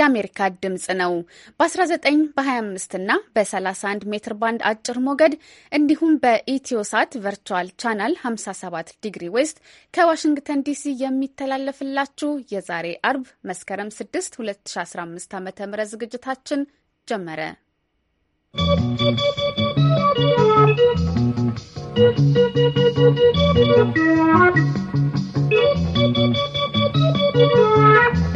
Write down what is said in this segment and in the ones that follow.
የአሜሪካ ድምፅ ነው። በ19 በ25 እና በ31 ሜትር ባንድ አጭር ሞገድ እንዲሁም በኢትዮሳት ቨርቹዋል ቻናል 57 ዲግሪ ዌስት ከዋሽንግተን ዲሲ የሚተላለፍላችሁ የዛሬ አርብ መስከረም 6 2015 ዓ ም ዝግጅታችን ጀመረ። ¶¶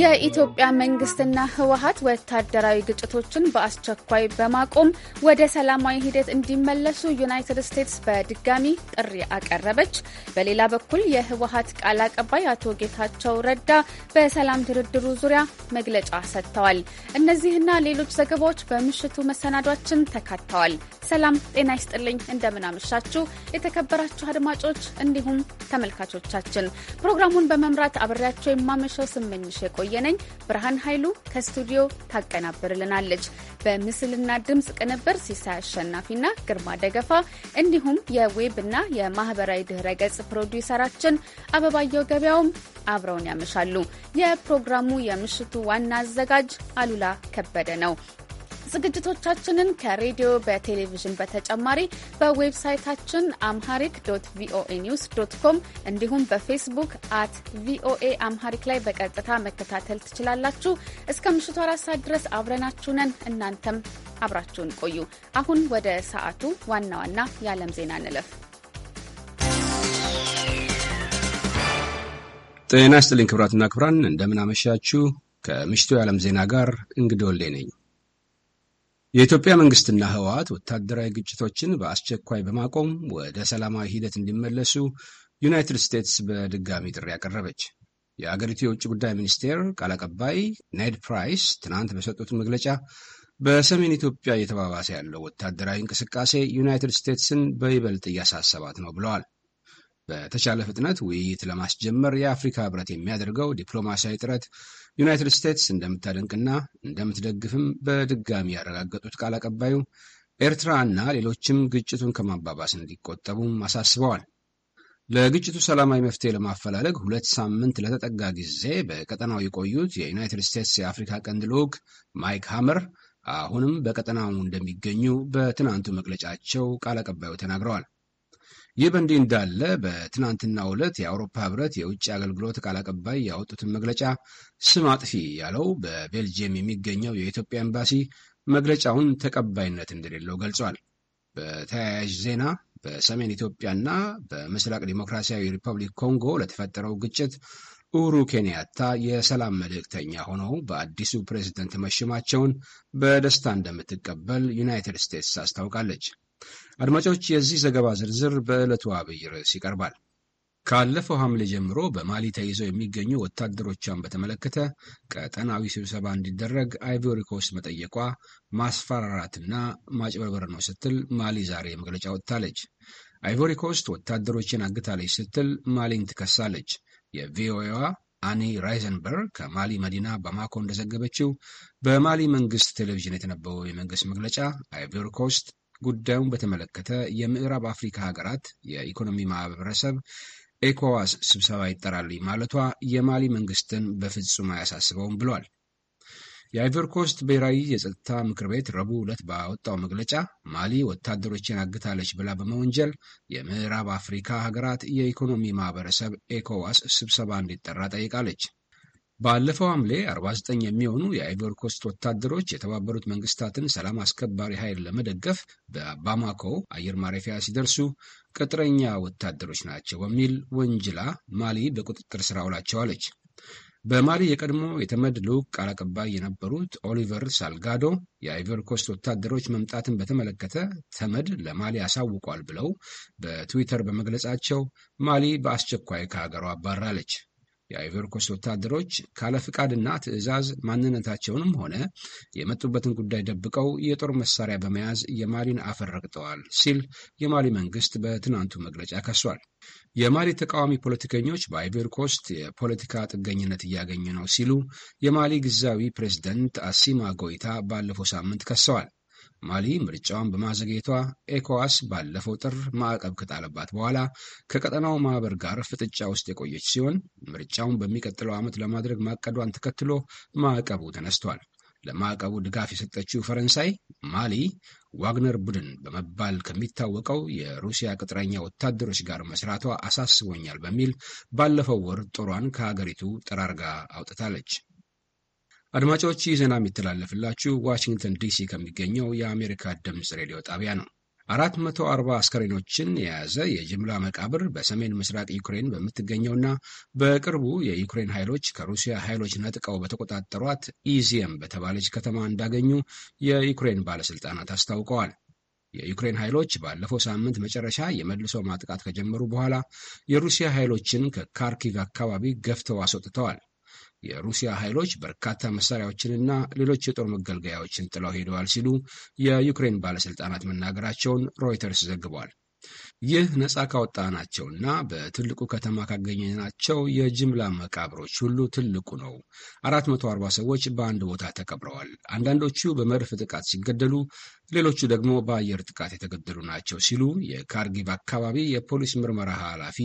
የኢትዮጵያ መንግስትና ህወሀት ወታደራዊ ግጭቶችን በአስቸኳይ በማቆም ወደ ሰላማዊ ሂደት እንዲመለሱ ዩናይትድ ስቴትስ በድጋሚ ጥሪ አቀረበች። በሌላ በኩል የህወሀት ቃል አቀባይ አቶ ጌታቸው ረዳ በሰላም ድርድሩ ዙሪያ መግለጫ ሰጥተዋል። እነዚህና ሌሎች ዘገባዎች በምሽቱ መሰናዷችን ተካተዋል። ሰላም ጤና ይስጥልኝ፣ እንደምናመሻችሁ የተከበራችሁ አድማጮች እንዲሁም ተመልካቾቻችን ፕሮግራሙን በመምራት አብሬያቸው የማመሸው ስመኝሽ የቆ ነኝ። ብርሃን ኃይሉ ከስቱዲዮ ታቀናብርልናለች። በምስልና ድምፅ ቅንብር ሲሳይ አሸናፊና ግርማ ደገፋ እንዲሁም የዌብና የማህበራዊ ድህረ ገጽ ፕሮዲውሰራችን አበባየው ገበያውም አብረውን ያመሻሉ። የፕሮግራሙ የምሽቱ ዋና አዘጋጅ አሉላ ከበደ ነው። ዝግጅቶቻችንን ከሬዲዮ በቴሌቪዥን በተጨማሪ በዌብሳይታችን አምሃሪክ ዶት ቪኦኤ ኒውስ ዶት ኮም እንዲሁም በፌስቡክ አት ቪኦኤ አምሃሪክ ላይ በቀጥታ መከታተል ትችላላችሁ። እስከ ምሽቱ አራት ሰዓት ድረስ አብረናችሁ ነን። እናንተም አብራችሁን ቆዩ። አሁን ወደ ሰዓቱ ዋና ዋና የዓለም ዜና ንለፍ። ጤና ይስጥልኝ ክብራትና ክብራን እንደምን አመሻችሁ። ከምሽቱ የዓለም ዜና ጋር እንግዲህ ወልዴ ነኝ። የኢትዮጵያ መንግስትና ሕወሓት ወታደራዊ ግጭቶችን በአስቸኳይ በማቆም ወደ ሰላማዊ ሂደት እንዲመለሱ ዩናይትድ ስቴትስ በድጋሚ ጥሪ አቀረበች። የአገሪቱ የውጭ ጉዳይ ሚኒስቴር ቃል አቀባይ ኔድ ፕራይስ ትናንት በሰጡት መግለጫ በሰሜን ኢትዮጵያ እየተባባሰ ያለው ወታደራዊ እንቅስቃሴ ዩናይትድ ስቴትስን በይበልጥ እያሳሰባት ነው ብለዋል። በተቻለ ፍጥነት ውይይት ለማስጀመር የአፍሪካ ህብረት የሚያደርገው ዲፕሎማሲያዊ ጥረት ዩናይትድ ስቴትስ እንደምታደንቅና እንደምትደግፍም በድጋሚ ያረጋገጡት ቃል አቀባዩ ኤርትራ እና ሌሎችም ግጭቱን ከማባባስ እንዲቆጠቡም አሳስበዋል። ለግጭቱ ሰላማዊ መፍትሄ ለማፈላለግ ሁለት ሳምንት ለተጠጋ ጊዜ በቀጠናው የቆዩት የዩናይትድ ስቴትስ የአፍሪካ ቀንድ ልዑክ ማይክ ሃመር አሁንም በቀጠናው እንደሚገኙ በትናንቱ መግለጫቸው ቃል አቀባዩ ተናግረዋል። ይህ በእንዲህ እንዳለ በትናንትናው ዕለት የአውሮፓ ህብረት የውጭ አገልግሎት ቃል አቀባይ ያወጡትን መግለጫ ስም አጥፊ ያለው በቤልጅየም የሚገኘው የኢትዮጵያ ኤምባሲ መግለጫውን ተቀባይነት እንደሌለው ገልጿል። በተያያዥ ዜና በሰሜን ኢትዮጵያና በምስራቅ ዲሞክራሲያዊ ሪፐብሊክ ኮንጎ ለተፈጠረው ግጭት ኡሁሩ ኬንያታ የሰላም መልእክተኛ ሆነው በአዲሱ ፕሬዝደንት መሾማቸውን በደስታ እንደምትቀበል ዩናይትድ ስቴትስ አስታውቃለች። አድማጮች፣ የዚህ ዘገባ ዝርዝር በዕለቱ አብይ ርዕስ ይቀርባል። ካለፈው ሐምሌ ጀምሮ በማሊ ተይዘው የሚገኙ ወታደሮቿን በተመለከተ ቀጠናዊ ስብሰባ እንዲደረግ አይቮሪ ኮስት መጠየቋ ማስፈራራትና ማጭበርበር ነው ስትል ማሊ ዛሬ መግለጫ ወጥታለች። አይቮሪ ኮስት ወታደሮችን አግታለች ስትል ማሊን ትከሳለች። የቪኦኤዋ አኒ ራይዘንበርግ ከማሊ መዲና በማኮ እንደዘገበችው በማሊ መንግስት ቴሌቪዥን የተነበበው የመንግስት መግለጫ አይቮሪ ኮስት ጉዳዩን በተመለከተ የምዕራብ አፍሪካ ሀገራት የኢኮኖሚ ማህበረሰብ ኤኮዋስ ስብሰባ ይጠራልኝ ማለቷ የማሊ መንግስትን በፍጹም አያሳስበውም ብሏል። የአይቨርኮስት ብሔራዊ የጸጥታ ምክር ቤት ረቡዕ ዕለት ባወጣው መግለጫ ማሊ ወታደሮችን አግታለች ብላ በመወንጀል የምዕራብ አፍሪካ ሀገራት የኢኮኖሚ ማህበረሰብ ኤኮዋስ ስብሰባ እንዲጠራ ጠይቃለች። ባለፈው ሐምሌ 49 የሚሆኑ የአይቨር ኮስት ወታደሮች የተባበሩት መንግስታትን ሰላም አስከባሪ ኃይል ለመደገፍ በባማኮ አየር ማረፊያ ሲደርሱ ቅጥረኛ ወታደሮች ናቸው በሚል ወንጅላ ማሊ በቁጥጥር ስር አውላቸዋለች። በማሊ የቀድሞ የተመድ ልዑክ ቃል አቀባይ የነበሩት ኦሊቨር ሳልጋዶ የአይቨር ኮስት ወታደሮች መምጣትን በተመለከተ ተመድ ለማሊ ያሳውቋል ብለው በትዊተር በመግለጻቸው ማሊ በአስቸኳይ ከሀገሯ አባራለች። የአይቨርኮስ ወታደሮች ካለ ፍቃድና ትዕዛዝ ማንነታቸውንም ሆነ የመጡበትን ጉዳይ ደብቀው የጦር መሳሪያ በመያዝ የማሊን አፈር ረግጠዋል ሲል የማሊ መንግስት በትናንቱ መግለጫ ከሷል። የማሊ ተቃዋሚ ፖለቲከኞች በአይቨር ኮስት የፖለቲካ ጥገኝነት እያገኙ ነው ሲሉ የማሊ ግዛዊ ፕሬዚደንት አሲማ ጎይታ ባለፈው ሳምንት ከሰዋል። ማሊ ምርጫዋን በማዘግየቷ ኤኮዋስ ባለፈው ጥር ማዕቀብ ከጣለባት በኋላ ከቀጠናው ማህበር ጋር ፍጥጫ ውስጥ የቆየች ሲሆን ምርጫውን በሚቀጥለው ዓመት ለማድረግ ማቀዷን ተከትሎ ማዕቀቡ ተነስቷል። ለማዕቀቡ ድጋፍ የሰጠችው ፈረንሳይ ማሊ ዋግነር ቡድን በመባል ከሚታወቀው የሩሲያ ቅጥረኛ ወታደሮች ጋር መስራቷ አሳስቦኛል በሚል ባለፈው ወር ጦሯን ከሀገሪቱ ጠራርጋ አውጥታለች። አድማጮች ይህ ዜና የሚተላለፍላችሁ ዋሽንግተን ዲሲ ከሚገኘው የአሜሪካ ድምፅ ሬዲዮ ጣቢያ ነው። አርባ አስከሬኖችን የያዘ የጅምላ መቃብር በሰሜን ምስራቅ ዩክሬን በምትገኘውና በቅርቡ የዩክሬን ኃይሎች ከሩሲያ ኃይሎች ነጥቀው በተቆጣጠሯት ኢዚየም በተባለች ከተማ እንዳገኙ የዩክሬን ባለስልጣናት አስታውቀዋል። የዩክሬን ኃይሎች ባለፈው ሳምንት መጨረሻ የመልሶ ማጥቃት ከጀመሩ በኋላ የሩሲያ ኃይሎችን ከካርኪቭ አካባቢ ገፍተው አስወጥተዋል። የሩሲያ ኃይሎች በርካታ መሳሪያዎችንና ሌሎች የጦር መገልገያዎችን ጥለው ሄደዋል ሲሉ የዩክሬን ባለስልጣናት መናገራቸውን ሮይተርስ ዘግቧል። ይህ ነጻ ካወጣናቸውና በትልቁ ከተማ ካገኘናቸው የጅምላ መቃብሮች ሁሉ ትልቁ ነው። 440 ሰዎች በአንድ ቦታ ተቀብረዋል። አንዳንዶቹ በመድፍ ጥቃት ሲገደሉ፣ ሌሎቹ ደግሞ በአየር ጥቃት የተገደሉ ናቸው ሲሉ የካርጊቭ አካባቢ የፖሊስ ምርመራ ኃላፊ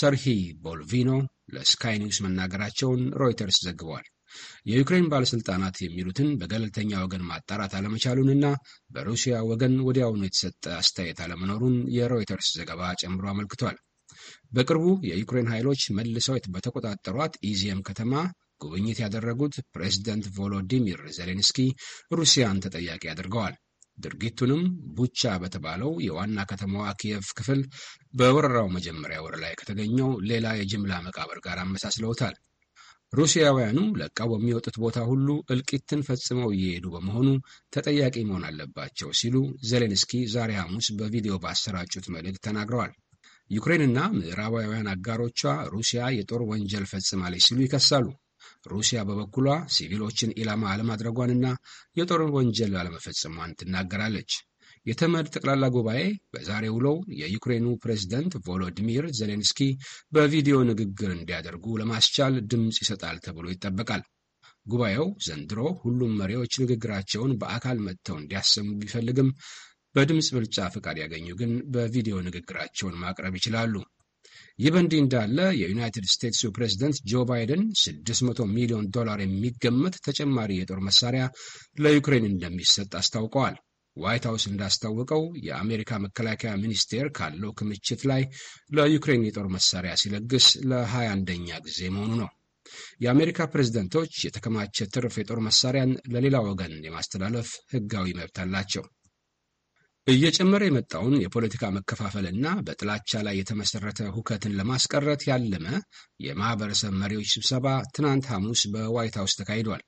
ሰርሂ ቦልቪኖ ለስካይ ኒውስ መናገራቸውን ሮይተርስ ዘግቧል። የዩክሬን ባለስልጣናት የሚሉትን በገለልተኛ ወገን ማጣራት አለመቻሉንና በሩሲያ ወገን ወዲያውኑ የተሰጠ አስተያየት አለመኖሩን የሮይተርስ ዘገባ ጨምሮ አመልክቷል። በቅርቡ የዩክሬን ኃይሎች መልሰው በተቆጣጠሯት ኢዚየም ከተማ ጉብኝት ያደረጉት ፕሬዚደንት ቮሎዲሚር ዜሌንስኪ ሩሲያን ተጠያቂ አድርገዋል። ድርጊቱንም ቡቻ በተባለው የዋና ከተማዋ ኪየቭ ክፍል በወረራው መጀመሪያ ወር ላይ ከተገኘው ሌላ የጅምላ መቃብር ጋር አመሳስለውታል። ሩሲያውያኑ ለቀው በሚወጡት ቦታ ሁሉ እልቂትን ፈጽመው እየሄዱ በመሆኑ ተጠያቂ መሆን አለባቸው ሲሉ ዜሌንስኪ ዛሬ ሐሙስ በቪዲዮ ባሰራጩት መልእክት ተናግረዋል። ዩክሬንና ምዕራባውያን አጋሮቿ ሩሲያ የጦር ወንጀል ፈጽማለች ሲሉ ይከሳሉ። ሩሲያ በበኩሏ ሲቪሎችን ኢላማ አለማድረጓንና የጦር ወንጀል አለመፈጸሟን ትናገራለች። የተመድ ጠቅላላ ጉባኤ በዛሬ ውለው የዩክሬኑ ፕሬዝደንት ቮሎዲሚር ዜሌንስኪ በቪዲዮ ንግግር እንዲያደርጉ ለማስቻል ድምፅ ይሰጣል ተብሎ ይጠበቃል። ጉባኤው ዘንድሮ ሁሉም መሪዎች ንግግራቸውን በአካል መጥተው እንዲያሰሙ ቢፈልግም በድምፅ ብልጫ ፈቃድ ያገኙ ግን በቪዲዮ ንግግራቸውን ማቅረብ ይችላሉ። ይህ በእንዲህ እንዳለ የዩናይትድ ስቴትሱ ፕሬዝደንት ጆ ባይደን 600 ሚሊዮን ዶላር የሚገመት ተጨማሪ የጦር መሳሪያ ለዩክሬን እንደሚሰጥ አስታውቀዋል። ዋይት ሀውስ እንዳስታወቀው የአሜሪካ መከላከያ ሚኒስቴር ካለው ክምችት ላይ ለዩክሬን የጦር መሳሪያ ሲለግስ ለ 21 አንደኛ ጊዜ መሆኑ ነው። የአሜሪካ ፕሬዝደንቶች የተከማቸ ትርፍ የጦር መሳሪያን ለሌላ ወገን የማስተላለፍ ሕጋዊ መብት አላቸው። እየጨመረ የመጣውን የፖለቲካ መከፋፈልና በጥላቻ ላይ የተመሰረተ ሁከትን ለማስቀረት ያለመ የማህበረሰብ መሪዎች ስብሰባ ትናንት ሐሙስ በዋይት ሀውስ ተካሂዷል።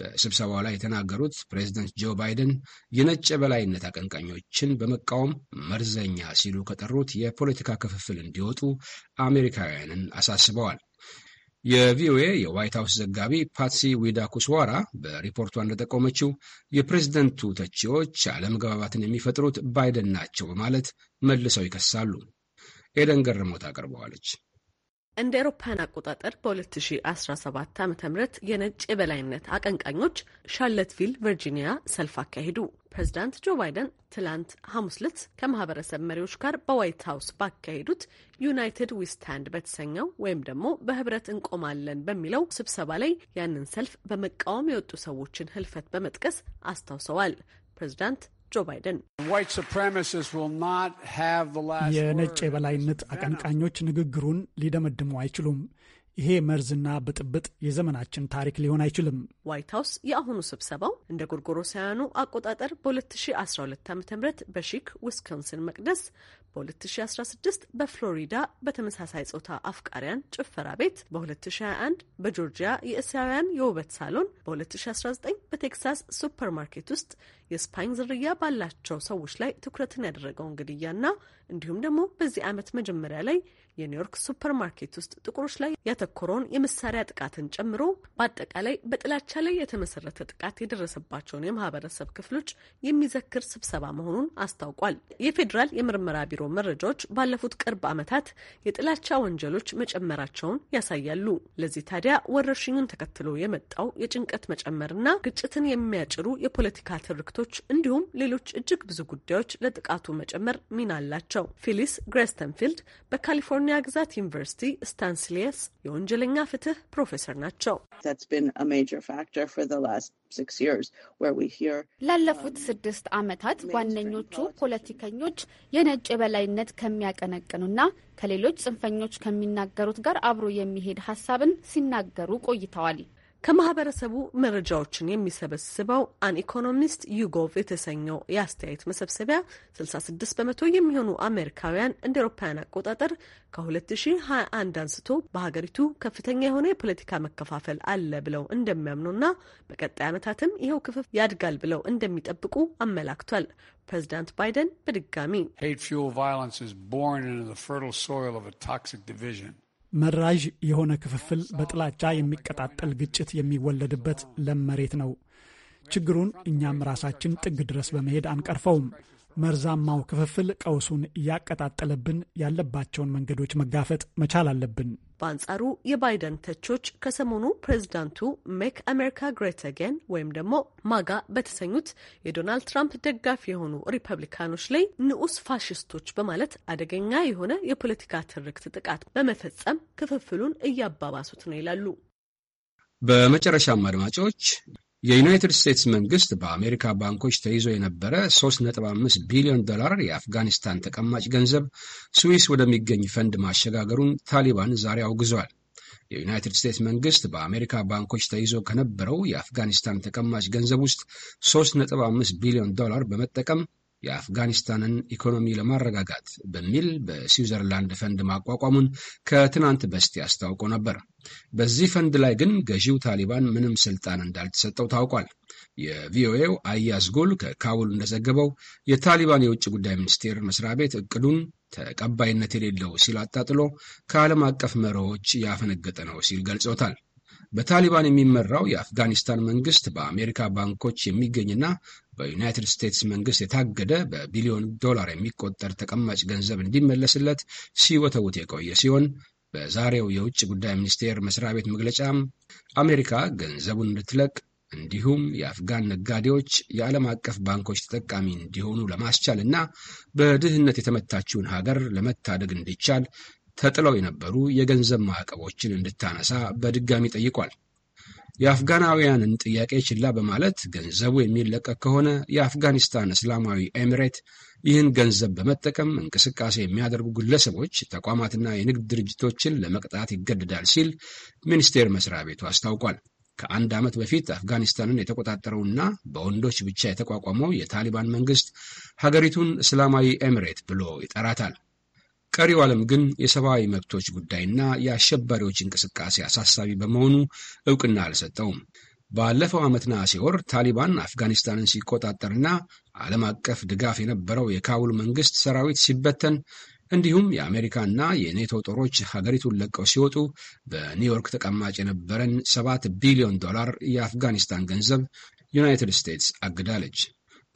በስብሰባው ላይ የተናገሩት ፕሬዚደንት ጆ ባይደን የነጭ በላይነት አቀንቃኞችን በመቃወም መርዘኛ ሲሉ ከጠሩት የፖለቲካ ክፍፍል እንዲወጡ አሜሪካውያንን አሳስበዋል። የቪኦኤ የዋይት ሀውስ ዘጋቢ ፓትሲ ዊዳ ኩስዋራ በሪፖርቷ እንደጠቆመችው የፕሬዝደንቱ ተቺዎች አለመግባባትን የሚፈጥሩት ባይደን ናቸው በማለት መልሰው ይከሳሉ። ኤደን ገርሞት አቅርበዋለች። እንደ ኤሮፓን አቆጣጠር በ2017 ዓ ም የነጭ የበላይነት አቀንቃኞች ሻርለትቪል ቨርጂኒያ ሰልፍ አካሄዱ። ፕሬዚዳንት ጆ ባይደን ትላንት ሐሙስ ዕለት ከማህበረሰብ መሪዎች ጋር በዋይት ሀውስ ባካሄዱት ዩናይትድ ዊ ስታንድ በተሰኘው ወይም ደግሞ በህብረት እንቆማለን በሚለው ስብሰባ ላይ ያንን ሰልፍ በመቃወም የወጡ ሰዎችን ህልፈት በመጥቀስ አስታውሰዋል። ፕሬዚዳንት ጆ ባይደን የነጭ የበላይነት አቀንቃኞች ንግግሩን ሊደመድሙ አይችሉም። ይሄ መርዝና ብጥብጥ የዘመናችን ታሪክ ሊሆን አይችልም። ዋይት ሀውስ የአሁኑ ስብሰባው እንደ ጎርጎሮሳውያኑ አቆጣጠር በ2012 ዓ ም በሺክ ዊስኮንስን መቅደስ በ2016 በፍሎሪዳ በተመሳሳይ ጾታ አፍቃሪያን ጭፈራ ቤት፣ በ2021 በጆርጂያ የእስያውያን የውበት ሳሎን፣ በ2019 በቴክሳስ ሱፐርማርኬት ውስጥ የስፓኝ ዝርያ ባላቸው ሰዎች ላይ ትኩረትን ያደረገውን ግድያና እንዲሁም ደግሞ በዚህ ዓመት መጀመሪያ ላይ የኒውዮርክ ሱፐርማርኬት ውስጥ ጥቁሮች ላይ ያተኮረውን የመሳሪያ ጥቃትን ጨምሮ በአጠቃላይ በጥላቻ ላይ የተመሰረተ ጥቃት የደረሰባቸውን የማህበረሰብ ክፍሎች የሚዘክር ስብሰባ መሆኑን አስታውቋል። የፌዴራል የምርመራ ቢሮ መረጃዎች ባለፉት ቅርብ ዓመታት የጥላቻ ወንጀሎች መጨመራቸውን ያሳያሉ። ለዚህ ታዲያ ወረርሽኙን ተከትሎ የመጣው የጭንቀት መጨመርና ግጭትን የሚያጭሩ የፖለቲካ ትርክቶች እንዲሁም ሌሎች እጅግ ብዙ ጉዳዮች ለጥቃቱ መጨመር ሚና አላቸው። ፊሊስ ግሬስተንፊልድ በካሊፎር የካሊፎርኒያ ግዛት ዩኒቨርሲቲ ስታንስሊየስ የወንጀለኛ ፍትህ ፕሮፌሰር ናቸው። ላለፉት ስድስት ዓመታት ዋነኞቹ ፖለቲከኞች የነጭ የበላይነት ከሚያቀነቅኑና ከሌሎች ጽንፈኞች ከሚናገሩት ጋር አብሮ የሚሄድ ሀሳብን ሲናገሩ ቆይተዋል። ከማህበረሰቡ መረጃዎችን የሚሰበስበው አን ኢኮኖሚስት ዩጎቭ የተሰኘው የአስተያየት መሰብሰቢያ 66 በመቶ የሚሆኑ አሜሪካውያን እንደ አውሮፓውያን አቆጣጠር ከ2021 አንስቶ በሀገሪቱ ከፍተኛ የሆነ የፖለቲካ መከፋፈል አለ ብለው እንደሚያምኑና በቀጣይ ዓመታትም ይኸው ክፍፍ ያድጋል ብለው እንደሚጠብቁ አመላክቷል። ፕሬዚዳንት ባይደን በድጋሚ መራዥ የሆነ ክፍፍል በጥላቻ የሚቀጣጠል ግጭት የሚወለድበት ለም መሬት ነው። ችግሩን እኛም ራሳችን ጥግ ድረስ በመሄድ አንቀርፈውም። መርዛማው ክፍፍል ቀውሱን እያቀጣጠለብን ያለባቸውን መንገዶች መጋፈጥ መቻል አለብን። በአንጻሩ የባይደን ተቾች ከሰሞኑ ፕሬዚዳንቱ ሜክ አሜሪካ ግሬት አገን ወይም ደግሞ ማጋ በተሰኙት የዶናልድ ትራምፕ ደጋፊ የሆኑ ሪፐብሊካኖች ላይ ንዑስ ፋሽስቶች በማለት አደገኛ የሆነ የፖለቲካ ትርክት ጥቃት በመፈጸም ክፍፍሉን እያባባሱት ነው ይላሉ። በመጨረሻም አድማጮች የዩናይትድ ስቴትስ መንግስት በአሜሪካ ባንኮች ተይዞ የነበረ 3.5 ቢሊዮን ዶላር የአፍጋኒስታን ተቀማጭ ገንዘብ ስዊስ ወደሚገኝ ፈንድ ማሸጋገሩን ታሊባን ዛሬ አውግዟል። የዩናይትድ ስቴትስ መንግስት በአሜሪካ ባንኮች ተይዞ ከነበረው የአፍጋኒስታን ተቀማጭ ገንዘብ ውስጥ 3.5 ቢሊዮን ዶላር በመጠቀም የአፍጋኒስታንን ኢኮኖሚ ለማረጋጋት በሚል በስዊዘርላንድ ፈንድ ማቋቋሙን ከትናንት በስቲያ አስታውቆ ነበር። በዚህ ፈንድ ላይ ግን ገዢው ታሊባን ምንም ስልጣን እንዳልተሰጠው ታውቋል። የቪኦኤው አያዝ ጎል ከካቡል እንደዘገበው የታሊባን የውጭ ጉዳይ ሚኒስቴር መስሪያ ቤት እቅዱን ተቀባይነት የሌለው ሲል አጣጥሎ ከዓለም አቀፍ መርሆች ያፈነገጠ ነው ሲል ገልጾታል። በታሊባን የሚመራው የአፍጋኒስታን መንግስት በአሜሪካ ባንኮች የሚገኝና በዩናይትድ ስቴትስ መንግስት የታገደ በቢሊዮን ዶላር የሚቆጠር ተቀማጭ ገንዘብ እንዲመለስለት ሲወተውት የቆየ ሲሆን በዛሬው የውጭ ጉዳይ ሚኒስቴር መስሪያ ቤት መግለጫም አሜሪካ ገንዘቡን እንድትለቅ እንዲሁም የአፍጋን ነጋዴዎች የዓለም አቀፍ ባንኮች ተጠቃሚ እንዲሆኑ ለማስቻል እና በድህነት የተመታችውን ሀገር ለመታደግ እንዲቻል ተጥለው የነበሩ የገንዘብ ማዕቀቦችን እንድታነሳ በድጋሚ ጠይቋል። የአፍጋናውያንን ጥያቄ ችላ በማለት ገንዘቡ የሚለቀቅ ከሆነ የአፍጋኒስታን እስላማዊ ኤሚሬት ይህን ገንዘብ በመጠቀም እንቅስቃሴ የሚያደርጉ ግለሰቦች፣ ተቋማትና የንግድ ድርጅቶችን ለመቅጣት ይገደዳል ሲል ሚኒስቴር መስሪያ ቤቱ አስታውቋል። ከአንድ ዓመት በፊት አፍጋኒስታንን የተቆጣጠረውና በወንዶች ብቻ የተቋቋመው የታሊባን መንግስት ሀገሪቱን እስላማዊ ኤሚሬት ብሎ ይጠራታል። ቀሪው ዓለም ግን የሰብአዊ መብቶች ጉዳይና የአሸባሪዎች እንቅስቃሴ አሳሳቢ በመሆኑ እውቅና አልሰጠውም። ባለፈው ዓመት ነሐሴ ወር ታሊባን አፍጋኒስታንን ሲቆጣጠርና ዓለም አቀፍ ድጋፍ የነበረው የካቡል መንግስት ሰራዊት ሲበተን እንዲሁም የአሜሪካና የኔቶ ጦሮች ሀገሪቱን ለቀው ሲወጡ በኒውዮርክ ተቀማጭ የነበረን ሰባት ቢሊዮን ዶላር የአፍጋኒስታን ገንዘብ ዩናይትድ ስቴትስ አግዳለች።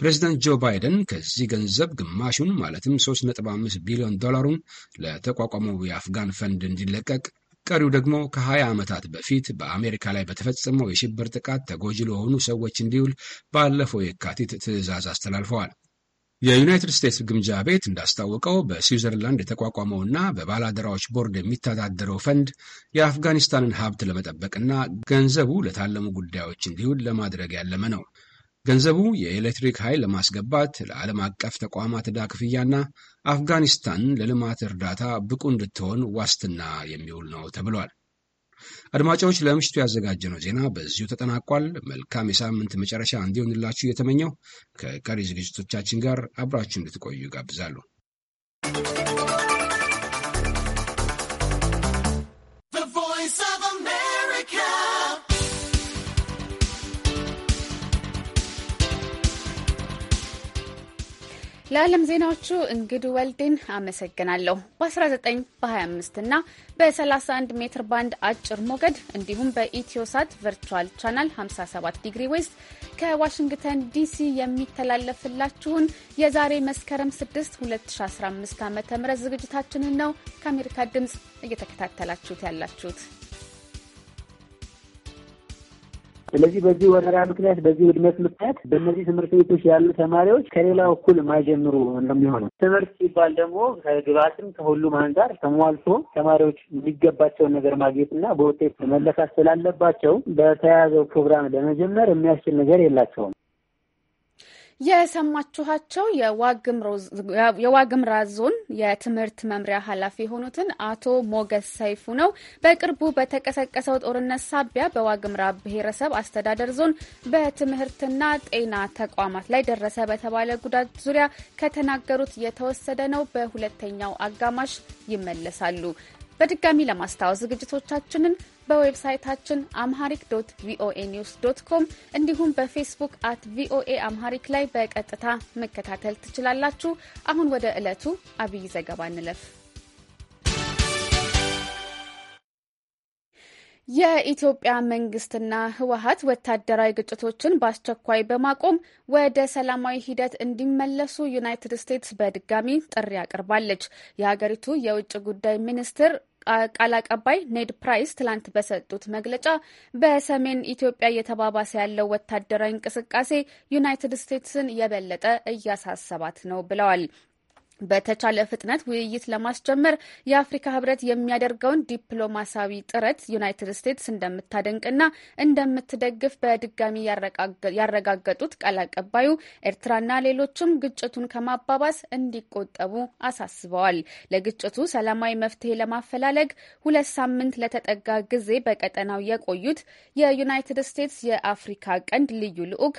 ፕሬዚደንት ጆ ባይደን ከዚህ ገንዘብ ግማሹን ማለትም 3.5 ቢሊዮን ዶላሩን ለተቋቋመው የአፍጋን ፈንድ እንዲለቀቅ፣ ቀሪው ደግሞ ከ20 ዓመታት በፊት በአሜሪካ ላይ በተፈጸመው የሽብር ጥቃት ተጎጂ ለሆኑ ሰዎች እንዲውል ባለፈው የካቲት ትዕዛዝ አስተላልፈዋል። የዩናይትድ ስቴትስ ግምጃ ቤት እንዳስታወቀው በስዊዘርላንድ የተቋቋመውና በባላደራዎች ቦርድ የሚተዳደረው ፈንድ የአፍጋኒስታንን ሀብት ለመጠበቅና ገንዘቡ ለታለሙ ጉዳዮች እንዲውል ለማድረግ ያለመ ነው። ገንዘቡ የኤሌክትሪክ ኃይል ለማስገባት ለዓለም አቀፍ ተቋማት ዕዳ ክፍያና አፍጋኒስታን ለልማት እርዳታ ብቁ እንድትሆን ዋስትና የሚውል ነው ተብሏል። አድማጮች፣ ለምሽቱ ያዘጋጀነው ዜና በዚሁ ተጠናቋል። መልካም የሳምንት መጨረሻ እንዲሆንላችሁ እየተመኘው ከቀሪ ዝግጅቶቻችን ጋር አብራችሁ እንድትቆዩ ጋብዛሉ። ለዓለም ዜናዎቹ እንግድ ወልዴን አመሰግናለሁ። በ19 በ25 እና በ31 ሜትር ባንድ አጭር ሞገድ እንዲሁም በኢትዮሳት ቨርቹዋል ቻናል 57 ዲግሪ ዌስት ከዋሽንግተን ዲሲ የሚተላለፍላችሁን የዛሬ መስከረም 6 2015 ዓ ም ዝግጅታችንን ነው ከአሜሪካ ድምፅ እየተከታተላችሁት ያላችሁት። ስለዚህ በዚህ ወረራ ምክንያት በዚህ ውድመት ምክንያት በእነዚህ ትምህርት ቤቶች ያሉ ተማሪዎች ከሌላው እኩል ማይጀምሩ እንደሚሆነው ትምህርት ሲባል ደግሞ ከግብአትም ከሁሉም አንጻር ተሟልቶ ተማሪዎች የሚገባቸውን ነገር ማግኘትና በውጤት መለካት ስላለባቸው በተያያዘው ፕሮግራም ለመጀመር የሚያስችል ነገር የላቸውም። የሰማችኋቸው የዋግምራ ዞን የትምህርት መምሪያ ኃላፊ የሆኑትን አቶ ሞገስ ሰይፉ ነው። በቅርቡ በተቀሰቀሰው ጦርነት ሳቢያ በዋግምራ ብሔረሰብ አስተዳደር ዞን በትምህርትና ጤና ተቋማት ላይ ደረሰ በተባለ ጉዳት ዙሪያ ከተናገሩት የተወሰደ ነው። በሁለተኛው አጋማሽ ይመለሳሉ። በድጋሚ ለማስታወስ ዝግጅቶቻችንን በዌብሳይታችን አምሃሪክ ዶት ቪኦኤ ኒውስ ዶት ኮም እንዲሁም በፌስቡክ አት ቪኦኤ አምሃሪክ ላይ በቀጥታ መከታተል ትችላላችሁ። አሁን ወደ ዕለቱ አብይ ዘገባ እንለፍ። የኢትዮጵያ መንግስትና ህወሀት ወታደራዊ ግጭቶችን በአስቸኳይ በማቆም ወደ ሰላማዊ ሂደት እንዲመለሱ ዩናይትድ ስቴትስ በድጋሚ ጥሪ አቅርባለች። የሀገሪቱ የውጭ ጉዳይ ሚኒስትር ቃል አቀባይ ኔድ ፕራይስ ትላንት በሰጡት መግለጫ በሰሜን ኢትዮጵያ እየተባባሰ ያለው ወታደራዊ እንቅስቃሴ ዩናይትድ ስቴትስን የበለጠ እያሳሰባት ነው ብለዋል። በተቻለ ፍጥነት ውይይት ለማስጀመር የአፍሪካ ህብረት የሚያደርገውን ዲፕሎማሲያዊ ጥረት ዩናይትድ ስቴትስ እንደምታደንቅና እንደምትደግፍ በድጋሚ ያረጋገጡት ቃል አቀባዩ ኤርትራና ሌሎችም ግጭቱን ከማባባስ እንዲቆጠቡ አሳስበዋል። ለግጭቱ ሰላማዊ መፍትሄ ለማፈላለግ ሁለት ሳምንት ለተጠጋ ጊዜ በቀጠናው የቆዩት የዩናይትድ ስቴትስ የአፍሪካ ቀንድ ልዩ ልዑክ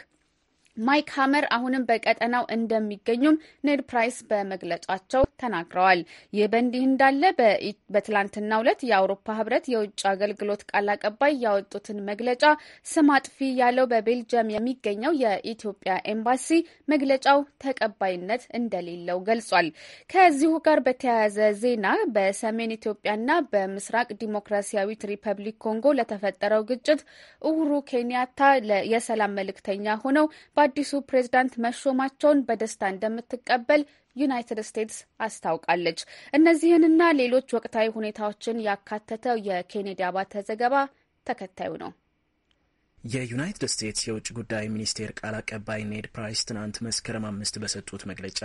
ማይክ ሀመር አሁንም በቀጠናው እንደሚገኙም ኔድ ፕራይስ በመግለጫቸው ተናግረዋል። ይህ በእንዲህ እንዳለ በትላንትናው ዕለት የአውሮፓ ህብረት የውጭ አገልግሎት ቃል አቀባይ ያወጡትን መግለጫ ስም አጥፊ ያለው በቤልጅየም የሚገኘው የኢትዮጵያ ኤምባሲ መግለጫው ተቀባይነት እንደሌለው ገልጿል። ከዚሁ ጋር በተያያዘ ዜና በሰሜን ኢትዮጵያና በምስራቅ ዲሞክራሲያዊት ሪፐብሊክ ኮንጎ ለተፈጠረው ግጭት ኡሁሩ ኬንያታ የሰላም መልእክተኛ ሆነው አዲሱ ፕሬዝዳንት መሾማቸውን በደስታ እንደምትቀበል ዩናይትድ ስቴትስ አስታውቃለች። እነዚህንና ሌሎች ወቅታዊ ሁኔታዎችን ያካተተው የኬኔዲ አባተ ዘገባ ተከታዩ ነው። የዩናይትድ ስቴትስ የውጭ ጉዳይ ሚኒስቴር ቃል አቀባይ ኔድ ፕራይስ ትናንት መስከረም አምስት በሰጡት መግለጫ